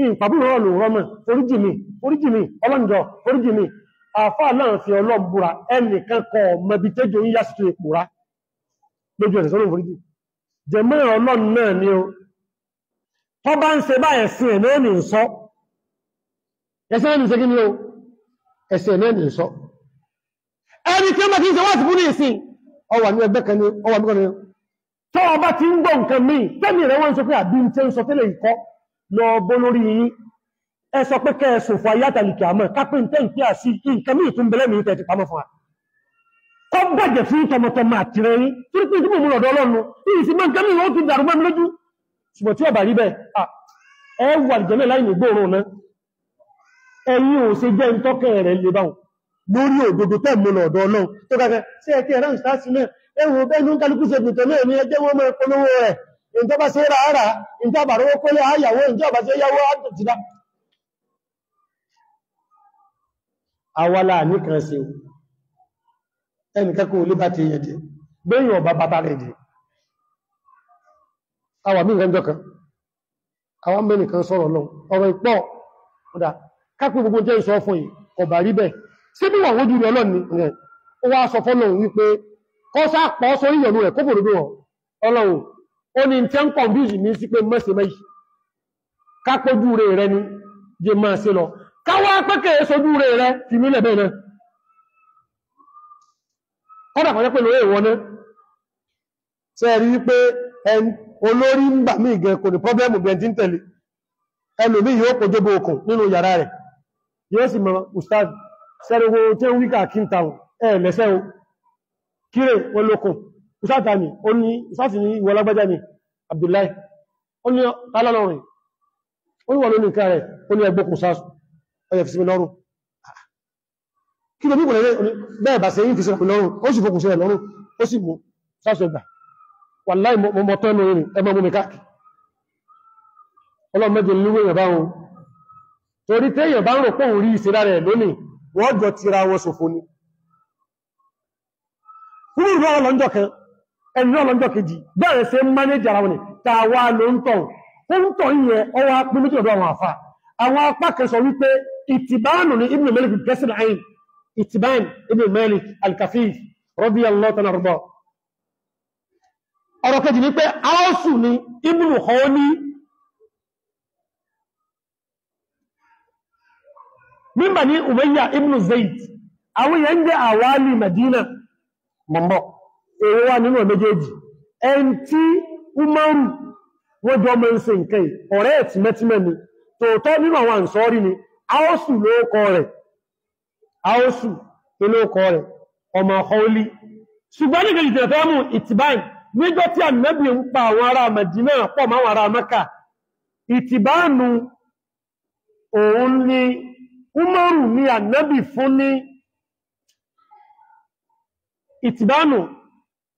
ìpàbúrò ọ̀lù rọmọ̀ oríjìmì oríjìmì ọlọ́njọ́ oríjìmì àfá náà fi ọlọ́bùra ẹnìkan kọ mẹ́bí tẹ́jọ ń yásítò ìpòrá lójú ẹ̀sẹ̀ sọ́lọ́ oríjì jẹmọ́ ọlọ́n náà ni o tọ́ bá ń ṣe bá ẹ̀sìn ẹ̀ náà ní ni o ẹ̀sìn ẹ̀ náà ní sọ ẹni tí ó bá ti ń ṣe wá sí fún ní ìsìn ọwà ní ẹgbẹ́ ti ń gbọ́ nǹkan míì tẹ́mì rẹ̀ wọ́n ń sọ pé àbí ń tẹ́ ń sọ tẹ́lẹ̀ ìkọ́ lọ bó lórí yìí ẹ sọ pé kẹsùn fún ayátàlìkì àmọ́ kápẹ́ntẹ́ ń pẹ́ àsí nǹkan mí ìtún bẹ̀lẹ́ mìíràn tẹ̀tì pamọ́ fún wa kọ́ bàjẹ́ fún tọmọtọmọ àtìrẹ yìí tí ó pín tí mo mú lọ́dọ̀ ọlọ́nu yìí sì máa ń kẹ́mí ìwọ́n ti dàrú mọ́ mi lójú ṣùgbọ́n tí ọba rí bẹ́ẹ̀ ẹ wà jẹ́lẹ̀ láì ní gbòòrò náà ẹ̀yin ò ṣe jẹ́ ìtọ́kẹ́ rẹ̀ lè báwọn lórí òdodo tẹ́ mú lọ́dọ̀ ọlọ́run tó kàkẹ́ sí ẹ̀kẹ́ ránṣẹ́ sílẹ̀ ẹ̀wọ̀n bẹ́ẹ̀ ndị bá ṣe ra ara ndị ọba àyàwó ìjọ bá ṣe yáwó àtìdá àwọ́lá nìkan ṣe o ẹnìkẹ́kọ́ olé bá ti yẹ̀dẹ̀ gbẹ́yìn ọba bàbá rẹ̀ dẹ̀ àwà mí kan awa mẹ́rin kan lọ ọ̀rọ̀ ìpọ̀ ọ̀dá kápẹ́ gbogbo jẹ́ ìṣọ́ fún yìí sọ ó ní tí ó ń kpe ní sí pé mọ́sí mẹ́yì kápójú rẹ̀ rẹ̀ ní jẹ máa sí lọ káwọ́ pẹ́kẹ̀ èsojú rẹ̀ rẹ̀ fi mílẹ̀ bẹ́ẹ̀ náà kọ́dà olórí ń bà mí gan kò ní pọ́blẹ́mù tẹ̀lé ẹlòmí yóò kò okùn nínú yàrá ustaz tí ó wíkà kí ń ẹ̀ lẹ́sẹ̀ o ìsáta ni ó ní ìsáti ní ìwọ lágbájá ni Abdullahi ó ní alálọ́rin ó ní wà lónìí nǹkan rẹ̀ ó ní ẹgbọ́kùn sáàsù ọyẹ̀ fìsinmi lọ́rùn kí ló bíbò lẹ́rẹ́ bẹ́ẹ̀ bà sẹ́yìn fìsinmi lọ́rùn ó sì fòkùn sílẹ̀ lọ́rùn ó sì mú sáàsù ẹgbà wàláì mọ́ tọ́ ẹnu rìn ẹmọ mú mi káàkì ọlọ́run mẹ́jọ lúwé èèyàn bá wọn torí téèyàn bá kan ẹni ọlọ́njọ́ kejì bẹ́ẹ̀rẹ̀ sí manager ara wọn tàwà ló ń tọ̀ ń tọ̀ yẹ ọwọ́ apín méjì ọ̀dọ́ àwọn àfà àwọn apá kan sọ wípé ìtìbáànù ní ibn malik gẹ́sìn ayin ìtìbáàn ibn malik al-kafif radiyallahu ta'ala rọ̀bọ̀ ọ̀rọ̀ kejì ní pé aláwọ̀sù ni ibn khawni èwo wà nínú méjèèjì ẹn tí umaru wọ́n jọ mọ́ ṣe nǹkan ọ̀rẹ́ ẹ̀tì mẹ́tímẹ́ ni tòótọ́ nínú àwọn àǹsọ́rí ni aosu lóókọ rẹ̀ aósù lóókọ rẹ̀ ọmọ ọ̀họ́lí ṣùgbọ́n nígbà ìtẹ̀fẹ́mù kpọm ni umaru ni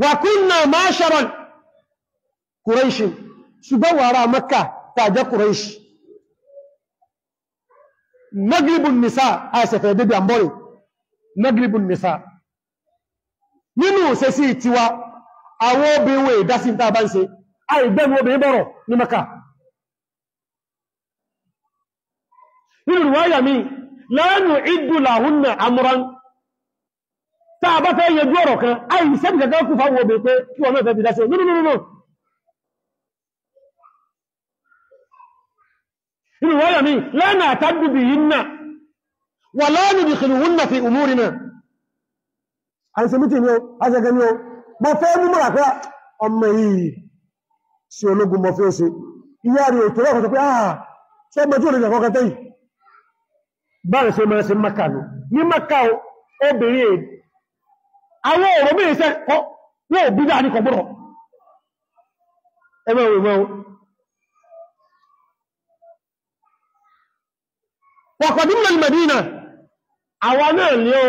wàkúnnà máṣàrán kùrẹ́ṣì ṣùgbọ́n wà ará maka tàjẹ́ kùrẹ́ṣì magribun nisa a ṣẹ̀fẹ̀ dédé àmbọ̀rẹ̀ magribun nisa nínú ṣe sí tiwa àwọn obìnwé ìdásí tàbá ń ṣe àìgbẹ́nu obìnrin bọ̀rọ̀ ní maka nínú ìwáyàmí lẹ́nu ìdúlàhúnnà amúran tá a bá fẹ́ yẹjú ọ̀rọ̀ kan àì sẹ́bì kankan kú fáwọn obè pé kí wọn náà fẹ́ fi dáṣẹ́ nínú nínú nínú inú wọ́n yàmí lẹ́nà àtàdùbì yìí nà wà lọ́nà ìdìkìlù wọ́n nà fi umúrin náà àìsẹ̀mítì ni ó àṣẹ́gẹ́ ni ó mọ́ fẹ́ mú mọ́ra pé ọmọ yìí sí ológun mọ́ fẹ́ ṣe ah, obìnrin àwọn ọ̀rọ̀ mí ìṣẹ́ kọ́ wọ́n bí dáa ní kọ̀gbọ́rọ̀ ẹgbẹ́ ìwọ̀n pọ̀kọ̀dún mẹ́lì Mẹ́dínà àwọn náà ní ó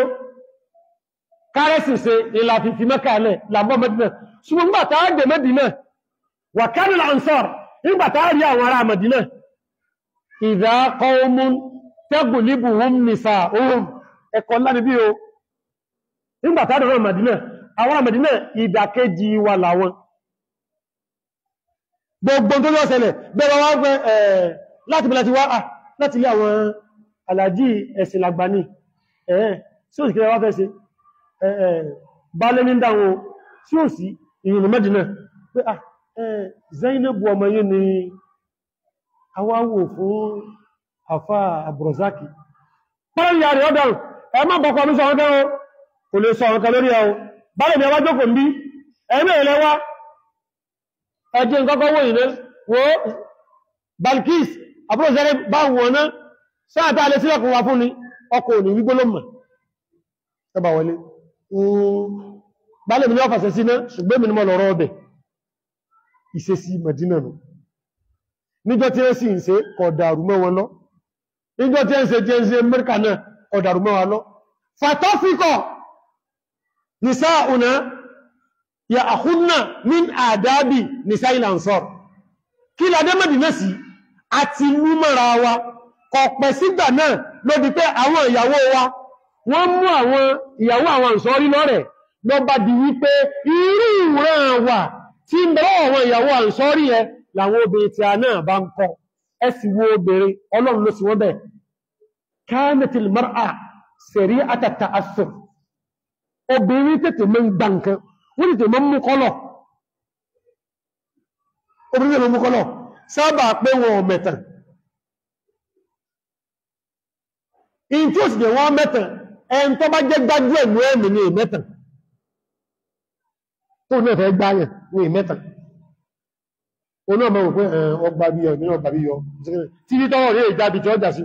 kárẹ́sì ṣe ìlà fífi Mẹ́kà alẹ́ làbọ́ Mẹ́dínà ṣùgbọ́n gbàtà àgbẹ̀ Mẹ́dínà wà kánil ansar nígbàtà rí àwọn ará nígbàtàdà náà Màdínà àwọn Màdínà ìdàkejì wà láwọn gbogbo tó yọ́ ṣẹlẹ̀ bẹ́rọ wá gbẹ́ ẹ̀ láti bẹ̀rẹ̀ ti wá à láti ilé àwọn alájí ẹ̀sìn làgbàní ẹ̀ sí òsì kẹrẹ wá fẹ́ ṣe ẹ̀ bá lé ní dáwọn sí òsì ìrìnà Màdínà pé à ẹ̀ Zainabu ọmọ yìí ni awáwò fún àfà Abùrọ̀zákì pẹ́lú ìyá ọ̀dọ̀rùn ẹ̀ má bọ́kọ̀ mi sọ kò lè sọ ọ̀kan lórí ẹ̀wọ̀ báyìí ni ọwá jókòó ń bí ẹ̀mẹ́ ìlẹ́wà ẹ̀dí nǹkọ́kọ́ wò ìná wo Balkis àbúròsẹ́rẹ́ bá wọn náà sáàtà alẹ́ sílẹ̀kùn wa ni ọkọ̀ òní wígbólómà ẹbà wọlé báyìí ni ọ fàṣẹ sí náà Madina nù níjọ́ tí ń sì ń ṣe kọ̀dàrú mọ́ wọn lọ níjọ́ tí ń ṣe jẹ́ lọ fàtọ́fíkọ̀ نساؤنا يأخذن من آداب نساء الأنصار kí la dé Mẹ́dínà sí àti múmọ́ra wa kọ̀pẹ̀ sígbà náà ló di pé àwọn ìyàwó wa wọ́n mú àwọn ìyàwó àwọn àǹsọ́rí lọ́rẹ̀ lọ bá di wípé irú ìwòrán wà tí ń bẹ̀rọ àwọn ìyàwó àǹsọ́rí ẹ làwọn obìnrin tí a náà bá ń kọ ẹ wo obìnrin Ọlọ́run ló sì wọ́n bẹ̀ kánẹtìl sẹ̀rí àtàtà asùn obìnrin tètè mẹ́ gbà nǹkan wọ́n tètè mọ́ mú kọ́lọ̀ obìnrin tètè mọ́ mú kọ́lọ̀ sábà pé wọn mẹ́tàn in tí ó sì jẹ́ wọ́n mẹ́tàn ẹn tó bá jẹ́ gbájú ẹ̀mú ẹ̀mì ní ìmẹ́tàn tó ní ẹ̀fẹ́ gbáyàn ní ìmẹ́tàn oní ọmọ òpin ọgbàbíyọ ìmìnà ọgbàbíyọ tí títọ́wọ̀ rí ìjábi tí ọjà sí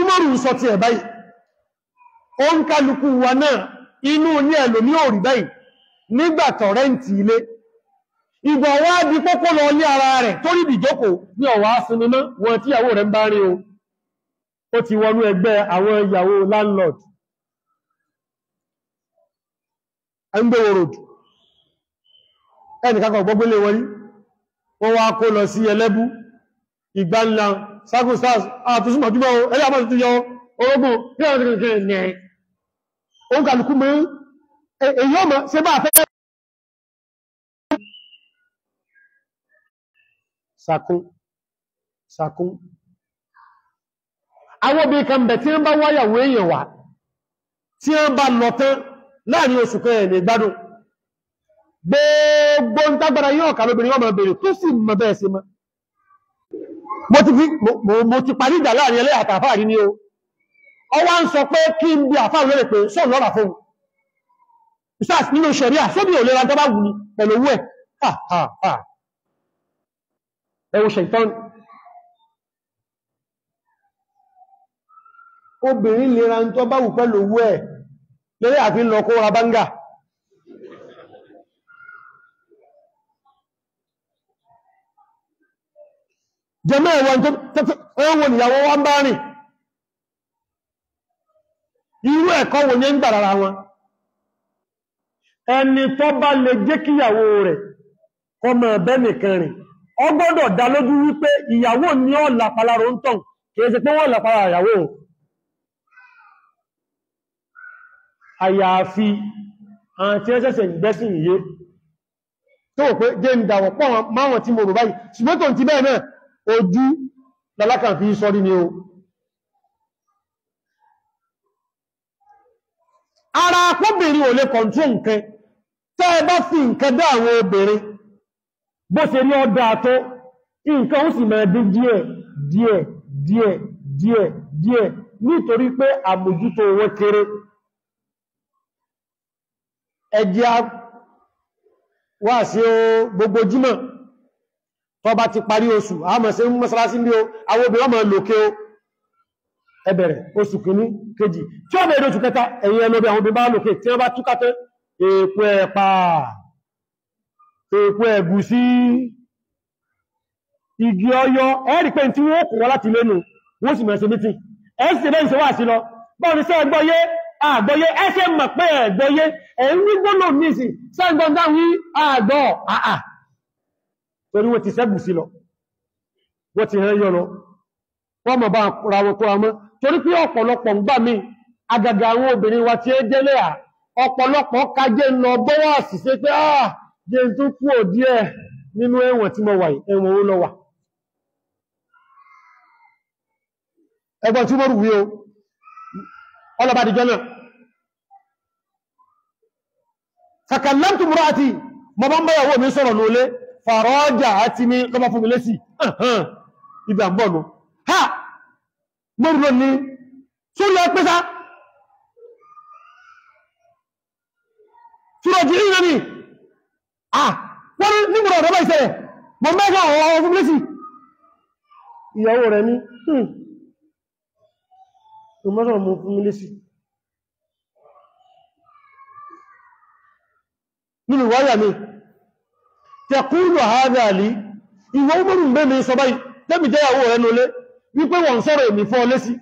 Umaru sọ ti ẹ̀ báyìí ó ń kálukú wa náà inú ní ẹlòmí ò rí báyìí nígbàtọ̀ rẹ́ǹtì ilé ìgbà wá di kókó lọ ní ara rẹ̀ tó rí ní wọn tí ìyàwó rẹ̀ ń o ó ti wọnú ẹgbẹ́ àwọn ìyàwó landlord ẹgbẹ́ road ẹnìkakọ̀ gbọ́gbélé wọlé wọ́n wá kó lọ sí ẹlẹ́bú sáàkùn stars àtúnṣùmọ̀ jùmọ̀ ẹlẹ́ àmọ́ ti yọ orógún ní ọ̀rọ̀ ìrìnkiri ní ẹ̀ oún kàlùkù mú èyí ọmọ ṣe bá fẹ́ sàkún sàkún àwọn obìnrin kan bẹ̀ tí ń bá wáyàwó èèyàn wà tí ń bá lọ láàrin oṣù kan gbádùn gbogbo ń yóò ọmọ tó sì mọ̀ bẹ́ẹ̀ sí mọ́ mo ti fi mo ti parí ìdà láàrin ẹlẹ́ àtàfà rí ní o ọwá ń sọ pé kí n bí àfà lórí pé sọ lọ́ra fún ìsáàs nínú ṣẹ̀ríà sóbí ò lera tọ́bá wù ní pẹ̀lú owó ẹ̀ fàfàfà ẹwọ ṣẹ̀tọ́n obìnrin lera tọ́bá wù pẹ̀lú owó ẹ̀ lórí àfi lọ kó ra jẹmọ́ ẹ̀wọ̀n ẹ̀wọ̀n ìyàwó wa ń bá rìn irú ẹ̀kọ́ wo ní ń wọn ẹni tó bá lè jẹ́ kí ìyàwó rẹ̀ kọmọ ẹ̀bẹ́ nìkan rìn ó dá lójú wípé ìyàwó ní kìí ṣe pé wọ́n ìyàwó àti ìgbẹ́sìn ojú lalákàn fi sọ́rí ni o ara akọ́bìnrin ò lè kọ̀ntú nǹkan tẹ́ ẹ bá fi nǹkan dá àwọn obìnrin bó ṣe rí ọdá tó nǹkan ó sì mẹ́rẹ̀ dín díẹ̀ díẹ̀ díẹ̀ díẹ̀ díẹ̀ nítorí pé àmójútó owó kéré ẹjẹ́ wà sí gbogbo jímọ̀ tó bá ti parí oṣù àmọ̀ sí mọ́sálásí bí o àwọn obìnrin ọmọ lòkè o ẹbẹ̀rẹ̀ oṣù kìíní kejì tí ó bẹ̀rẹ̀ oṣù kẹta ẹ̀yìn ẹlọ́bẹ̀ àwọn obìnrin bá lòkè tí wọ́n bá túkàtẹ́ èèpo ẹ̀pà èèpo ẹ̀gúsí igi ọyọ́ ẹ̀rì pé tí wọ́n kò wọ́n láti lẹ́nu wọ́n sì mẹ́sẹ̀ mítí ẹ̀sẹ̀ bẹ́ẹ̀ ìṣẹ́wà sí lọ bọ́ọ̀ni sẹ́ ẹgbọ́yé torí wọ́n ti sẹ́gùn sí lọ wọ́n ti rẹ̀ yọ lọ wọ́n mọ̀ bá ra wọn kó torí pé ọ̀pọ̀lọpọ̀ ń gbà mí àwọn obìnrin wa ti jẹ́lẹ̀ à ọ̀pọ̀lọpọ̀ kájẹ́ lọ gbọ́wọ́ àṣìṣe pé àà ah, jẹ́ tó kú ò díẹ̀ nínú ẹ̀wọ̀n tí mo wà ẹ̀wọ̀n ó lọ wà fàrọ́jà àti ní lọ́mọ fún mi lésì ìgbà ń bọ̀nù ha mọ́rùn ní súnlẹ̀ pẹ́sá ṣúrọ̀jì ìrìnà ní à wọ́n ní nígbùrọ̀ ọ̀dọ́bà ìṣẹ̀lẹ̀ mọ̀ mẹ́gbà ọ̀wọ̀ fún mi lésì ìyàwó rẹ̀ ní hmm. nínú wáyà mi tẹ̀kúrò àádàlì ìwọ mọ́rù ń bẹ́ mi sọ báyìí tẹ́mì jẹ́yàwó rẹ̀ lólé wípé wọ́n sọ́rọ̀ èmì fọ́ lésí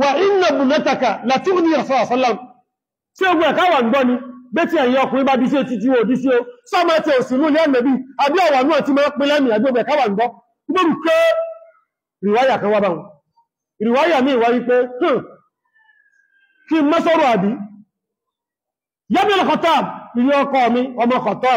wà iná bùnátàkà láti ní ọ̀sọ́ọ̀sọ́lọ́m tí ó gbẹ̀ káwà ni bẹ́ ti ẹ̀yìn ọkùnrin bá bí sí títí ò dísí o yẹ́bí ọkọ̀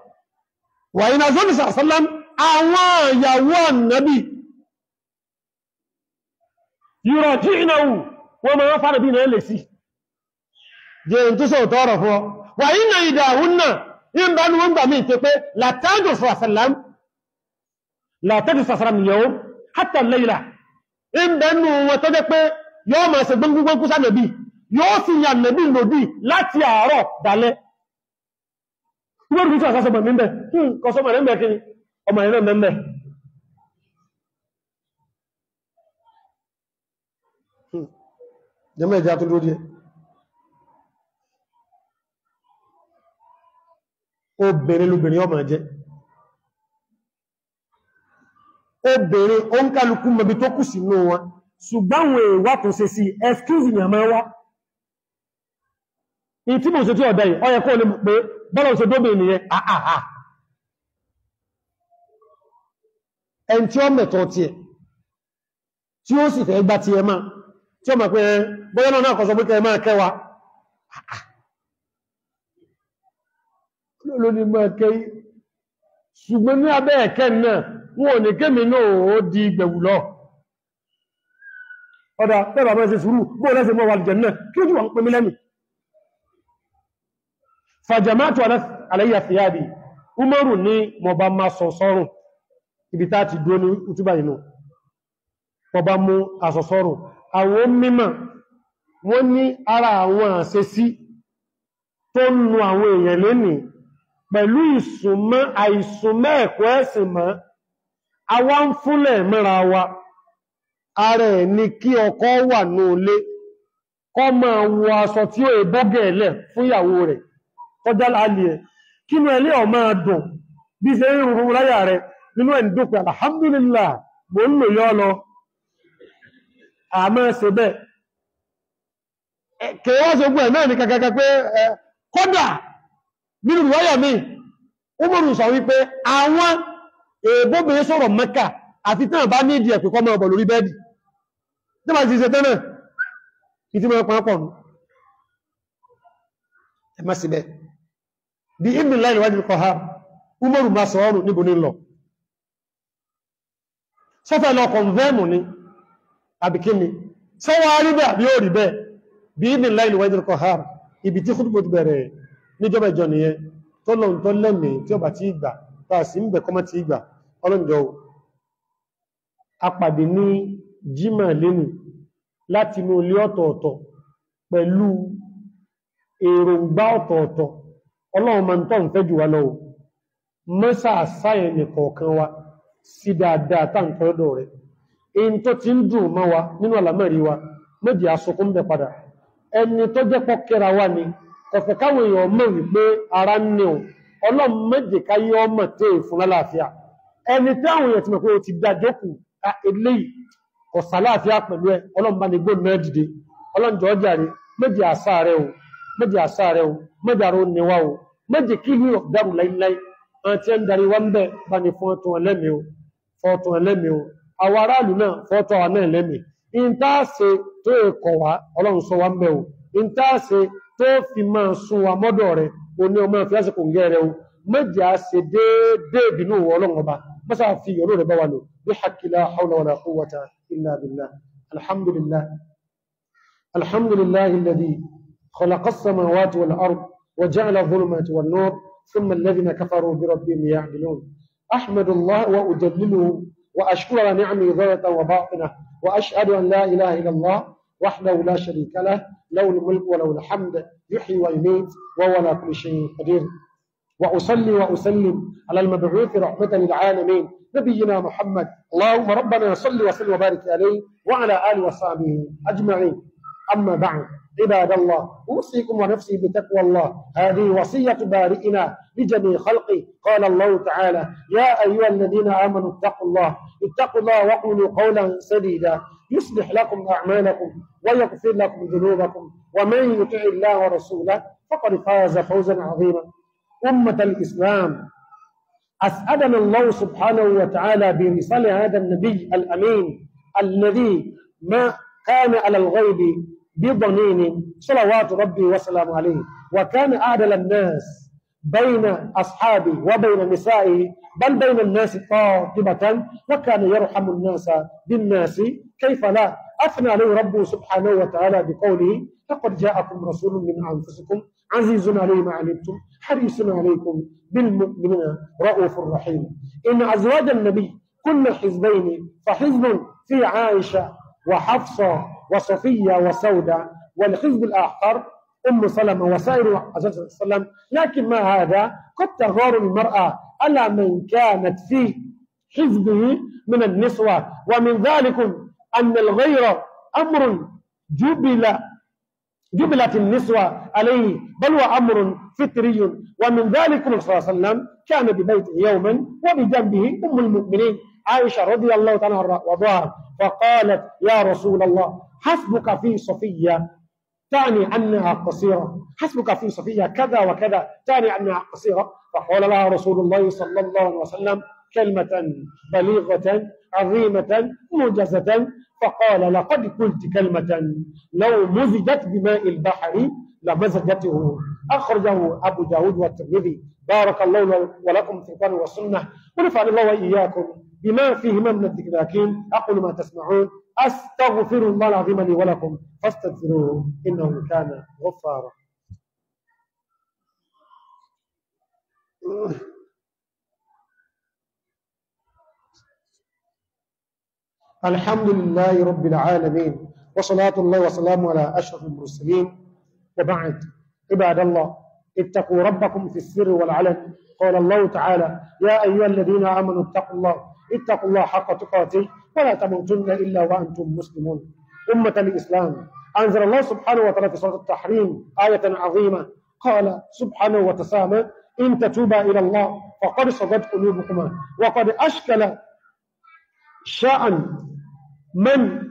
wàyínà sọ́nà sàṣálàm àwọn ìyàwó ànàbì yúrọ̀ tí ìnáwó wọ́n ma wọ́n fara bí náà lè sí jẹun tó sọ̀tọ̀ ọ̀rọ̀ fún ọ wàyínà ìdàhún náà in bá ní wọ́n gbà mí tẹ pé látàdù sàṣálàm látàdù sàṣálàm yau Wọ́n rí fún ụtọ mímẹ̀, kọsọ́mọ̀ rẹ̀ mẹ́ kí ọmọ ìrìnà mẹ́mẹ́. Jẹ́mẹ́ ìjá tó lórí ẹ. lóbìnrin ọmọ ó ń kálukú mẹ́bí tó kù sínú wọn, ṣùgbọ́n wọn èèwà tó ìtí mò ń ṣe tí ọ̀dá yìí ọyẹ kó lè mọ̀ pé bọ́lá òṣè dóbi ènìyàn àhàhà ẹn tí ó mẹ̀tọ̀ tí ẹ̀ tí ó sì fẹ́ gbá ti ẹ máa tí ó mọ̀ pé bọ́yẹ́ náà náà kọsọ pé kẹ máa kẹwa lónìí máa mẹ́sẹ̀ sùúrù bóò lẹ́sẹ̀ mọ́ wà lìjẹ̀ náà kí ó jù wà ń pè mí lẹ́nu fàjàmátù aláyà fìyàbì umaru ní mọba ma sọ sọ́rùn ibi tá ti dúró ní útúbà inú mọba mú asọ̀sọ́rùn àwọn mímọ̀ wọ́n ní ara àwọn àṣẹ́sí tó ń nu àwọn èèyàn lónìí pẹ̀lú ìsúnmọ́ àìsúnmọ́ ẹ̀kọ́ ẹ̀sìn mọ́ àwa ń fúnlẹ̀ mẹ́ra wa ara ẹ̀ ni kí ọkọ kọjá láàáyé kí ní ẹlé ọmọ dùn bí ṣe ń láyà rẹ nínú ẹni alhamdulillah mo ń lò yọ́ lọ àmọ́ ṣe bẹ́ẹ̀ kèwọ́ sógún ẹ̀ náà ní kàkàkà pé kọ́dà nínú ìwọ́yọ̀ mi Umaru sọ wípé àwọn èbóbìnrin sọ̀rọ̀ Mẹ́kà àti bá ní bẹ́ẹ̀dì tí ma ti ṣe bí ibi nla wájú kọ ha umaru ma sọ ọrùn níbo ní lọ sọ́fẹ́ lọ kọ̀nvẹ́mù ni àbíkíni sọ́wọ́ arígbà bí ó rí bẹ́ẹ̀ bí ibi láì ha ibi tí kúrò bẹ̀rẹ̀ níjọba ìjọ nìyẹn tó lọ tó lẹ́mì tí ó ti gbà tá a sì ń bẹ̀ ti gbà ọlọ́njọ́ ọlọ́run ma ń tọ́ ń fẹ́ jù wá lọ́wọ́ mẹ́sà sáyẹ̀ nìkọ̀ọ̀kan wa sí dáadáa tá ń tọ́lọ́dọ̀ rẹ̀ in tó ti ń dùn mọ́ wa nínú àlàmẹ́rí wa méjì asokún bẹ padà ẹni tó jẹ́ pọ́kẹ́ra wa ni kọ̀fẹ́ káwọn èèyàn mọ̀ wípé ara ń ní ọlọ́run méjì káyé ọmọ tó fún lálàáfíà ẹni tí àwọn èèyàn ti mọ̀ pé o ti dá jókù eléyìí kọ̀sálàáfíà pẹ̀lú ẹ ọlọ́run bá ní gbóòmù náà dìde ọlọ́run jọ́ méjì àsáàrẹ o méjì àrò níwá o méjì kí ní ọ̀dárù láìláì àti ẹ̀ ń darí wá ń bẹ̀ bá ní fọ́tún ẹlẹ́mì o fọ́tún ẹlẹ́mì o àwọn aráàlú náà fọ́tún àwọn náà ẹlẹ́mì ìntáàsẹ tó ẹ̀kọ́ wá ọlọ́run sọ wá ń bẹ̀ o ìntáàsẹ tó fi máa sun wa mọ́dọ̀ rẹ̀ o ní ọmọ ìfẹ́ àsìkò ńgẹ́ خلق السماوات والأرض وجعل الظلمات والنور ثم الذين كفروا بربهم يعدلون أحمد الله وأجلله وأشكر نعمه ظاهرة وباطنة وأشهد أن لا إله إلا الله وحده لا شريك له له الملك وله الحمد يحيي ويميت وهو على كل شيء قدير وأصلي وأسلم على المبعوث رحمة للعالمين نبينا محمد اللهم ربنا صل وسلم وبارك عليه وعلى آله وصحبه أجمعين أما بعد عباد الله أوصيكم ونفسي بتقوى الله هذه وصية بارئنا لجميع خلقه قال الله تعالى يا أيها الذين آمنوا اتقوا الله اتقوا الله وقولوا قولا سديدا يصلح لكم أعمالكم ويغفر لكم ذنوبكم ومن يطع الله ورسوله فقد فاز فوزا عظيما أمة الإسلام أسعدنا الله سبحانه وتعالى برسالة هذا النبي الأمين الذي ما كان على الغيب بضنين صلوات ربي وسلامه عليه وكان أعدل الناس بين أصحابه وبين نسائه بل بين الناس طاقبة وكان يرحم الناس بالناس كيف لا أثنى عليه ربه سبحانه وتعالى بقوله لقد جاءكم رسول من أنفسكم عزيز علي ما عنتم حريص عليكم بالمؤمنين رؤوف رحيم إن أزواج النبي كل حزبين فحزب في عائشة وحفصة وصفية وسودة والخزب الآخر أم سلمة وسائر عزيز السلام لكن ما هذا قد تغار المرأة على من كانت في حزبه من النسوة ومن ذلك أن الغير أمر جبل جبلت النسوة عليه بل وأمر فطري ومن ذلك صلى الله عليه وسلم كان ببيته يوما وبجنبه أم المؤمنين عائشة رضي الله تعالى وضعها فقالت يا رسول الله حسبك في صفية تعني أنها قصيرة حسبك في صفية كذا وكذا تعني أنها قصيرة فقال لها رسول الله صلى الله عليه وسلم كلمة بليغة عظيمة موجزة فقال لقد قلت كلمة لو مزجت بماء البحر لمزجته أخرجه أبو داود والترمذي بارك الله ولكم في القرآن والسنة ونفعل الله وإياكم بما فيه من الذكر لكن أقول ما تسمعون أستغفر الله العظيم لي ولكم فاستغفروه إنه كان غفارا الحمد لله رب العالمين وصلاة الله وسلامه على أشرف المرسلين وبعد عباد الله اتقوا ربكم في السر والعلن قال الله تعالى يا أيها الذين آمنوا اتقوا الله اتقوا الله حق تقاته ولا تموتن إلا وأنتم مسلمون أمة الإسلام أنزل الله سبحانه وتعالى في سورة التحريم آية عظيمة قال سبحانه وتسامى إن تتوبا إلى الله فقد صدت قلوبكما وقد أشكل شأن من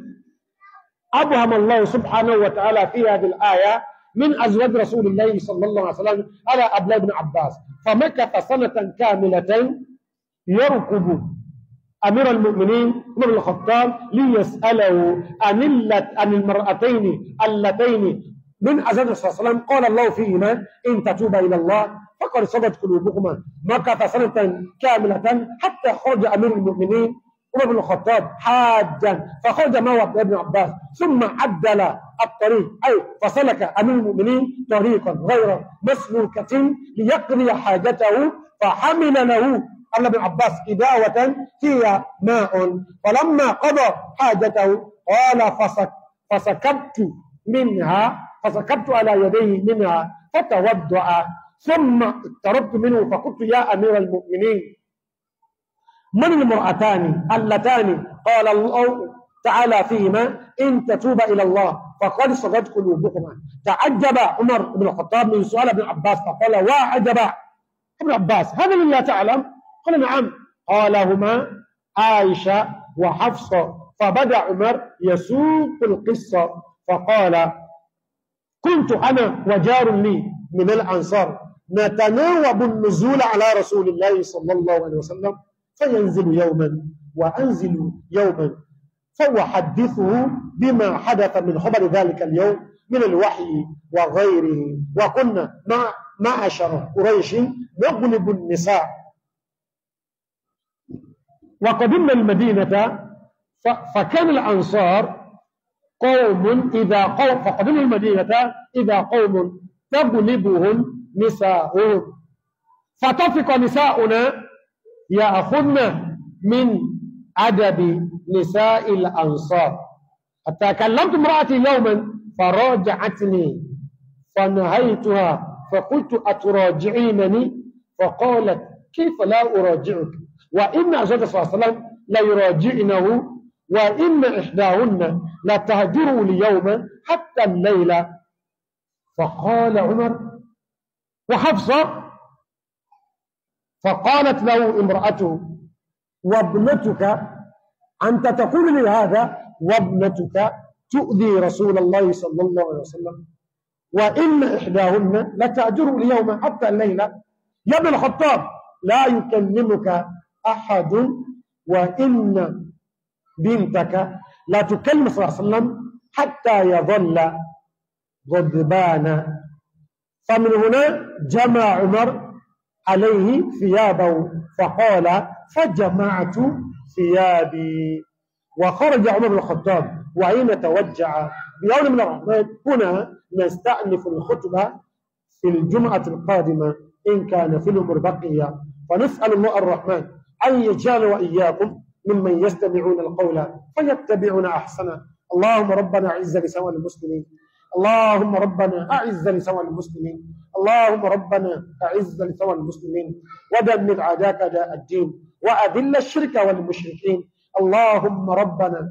أبهم الله سبحانه وتعالى في هذه الآية من أزواج رسول الله صلى الله عليه وسلم على أبلا بن عباس فمكث سنة كاملة يركب أمير المؤمنين عمر بن الخطاب ليسأله عن عن المرأتين اللتين من أزواج صلى الله عليه وسلم قال الله فيهما إن تتوبا إلى الله فقد صدت قلوبكما مكث سنة كاملة حتى خرج أمير المؤمنين عمر بن الخطاب حاجا فخرج معه عبد ابن عباس ثم عدل الطريق أي فسلك أمير المؤمنين طريقا غير مسلوكة ليقضي حاجته فحمل له قال ابن عباس إداوة فيها ماء فلما قضى حاجته قال فسك فسكبت منها فسكبت على يديه منها فتودع ثم اقتربت منه فقلت يا أمير المؤمنين من المرأتان اللتان قال الله تعالى فيهما إن تتوبا إلى الله فقد صغت قلوبكما تعجب عمر بن الخطاب من سؤال ابن عباس فقال واعجب ابن عباس هذا لله تعلم قال نعم قال هما عائشة وحفصة فبدأ عمر يسوق القصة فقال كنت أنا وجار لي من الأنصار نتناوب النزول على رسول الله صلى الله عليه وسلم فينزل يوما وأنزل يوما فأحدثه بما حدث من خبر ذلك اليوم من الوحي وغيره وكنا مع معشر قريش نغلب النساء وقدمنا المدينة فكان الأنصار قوم إذا قوم فقدموا المدينة إذا قوم تغلبهم نساؤهم فتفق نساؤنا يأخذن من عدد نساء الأنصار حتى كلمت امرأتي يوما فراجعتني فنهيتها فقلت أتراجعينني فقالت كيف لا أراجعك وإن أزواجه صلى الله عليه وسلم ليراجعنه وإن إحداهن لتهجره ليوما حتى الليلة فقال عمر وحفصة فقالت له امرأته وابنتك أنت تقول لي هذا وابنتك تؤذي رسول الله صلى الله عليه وسلم وإن إحداهن لتأجره ليوما حتى الليلة يا ابن الخطاب لا يكلمك أحد وإن بنتك لا تكلم صلى الله عليه وسلم حتى يظل غضبانا فمن هنا جمع عمر عليه ثيابه فقال فجمعت ثيابي وخرج عمر بن الخطاب وعين توجع بيوم من الرحمن هنا نستأنف الخطبة في الجمعة القادمة إن كان في الأمور بقية ونسأل الله الرحمن أن يجعل وإياكم ممن يستمعون القول فيتبعون أحسنه اللهم ربنا عز لسوى المسلمين اللهم ربنا أعز لسوى المسلمين اللهم ربنا أعز لسوى المسلمين ودمر عداك داء الدين وأذل الشرك والمشركين اللهم ربنا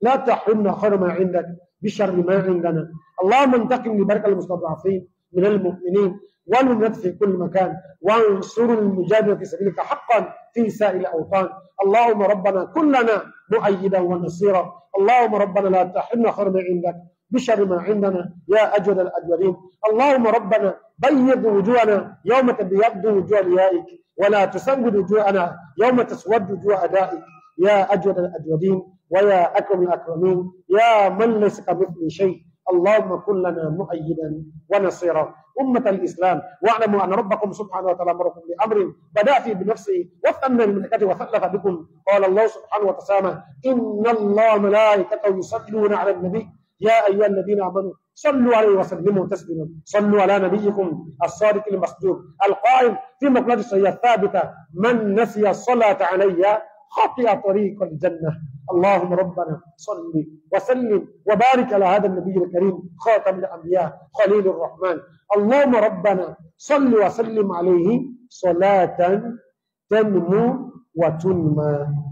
لا تحرمنا خير ما عندك بشر ما عندنا اللهم انتقم لبركة المستضعفين من المؤمنين والمجاهد في كل مكان وانصر المجاهدين في سبيلك حقا في سائر الأوطان اللهم ربنا كلنا مؤيدا ونصيرا اللهم ربنا لا تحرمنا خير ما عندك بشر ما عندنا يا أجود الأجودين اللهم ربنا بيض وجوهنا يوم تبيض وجوه ريائك ولا تسود وجوهنا يوم تسود وجوه أدائك يا أجود الأجودين ويا أكرم الأكرمين يا من ليس كمثل شيء اللهم كن لنا مؤيدا ونصيرا أمة الإسلام واعلموا أن ربكم سبحانه وتعالى أمركم بأمر بدأ فيه بنفسه من الملكة وخلف بكم قال الله سبحانه وتعالى إن الله ملائكته يصلون على النبي يا أيها الذين آمنوا صلوا عليه وسلموا تسليما صلوا على نبيكم الصادق المصدوق القائم في مقلد الصيحة الثابتة من نسي الصلاة علي خطي طريق الجنة اللهم ربنا صل وسلم وبارك على هذا النبي الكريم خاتم الأنبياء خليل الرحمن اللهم ربنا صل وسلم عليه صلاة تنمو وتنمى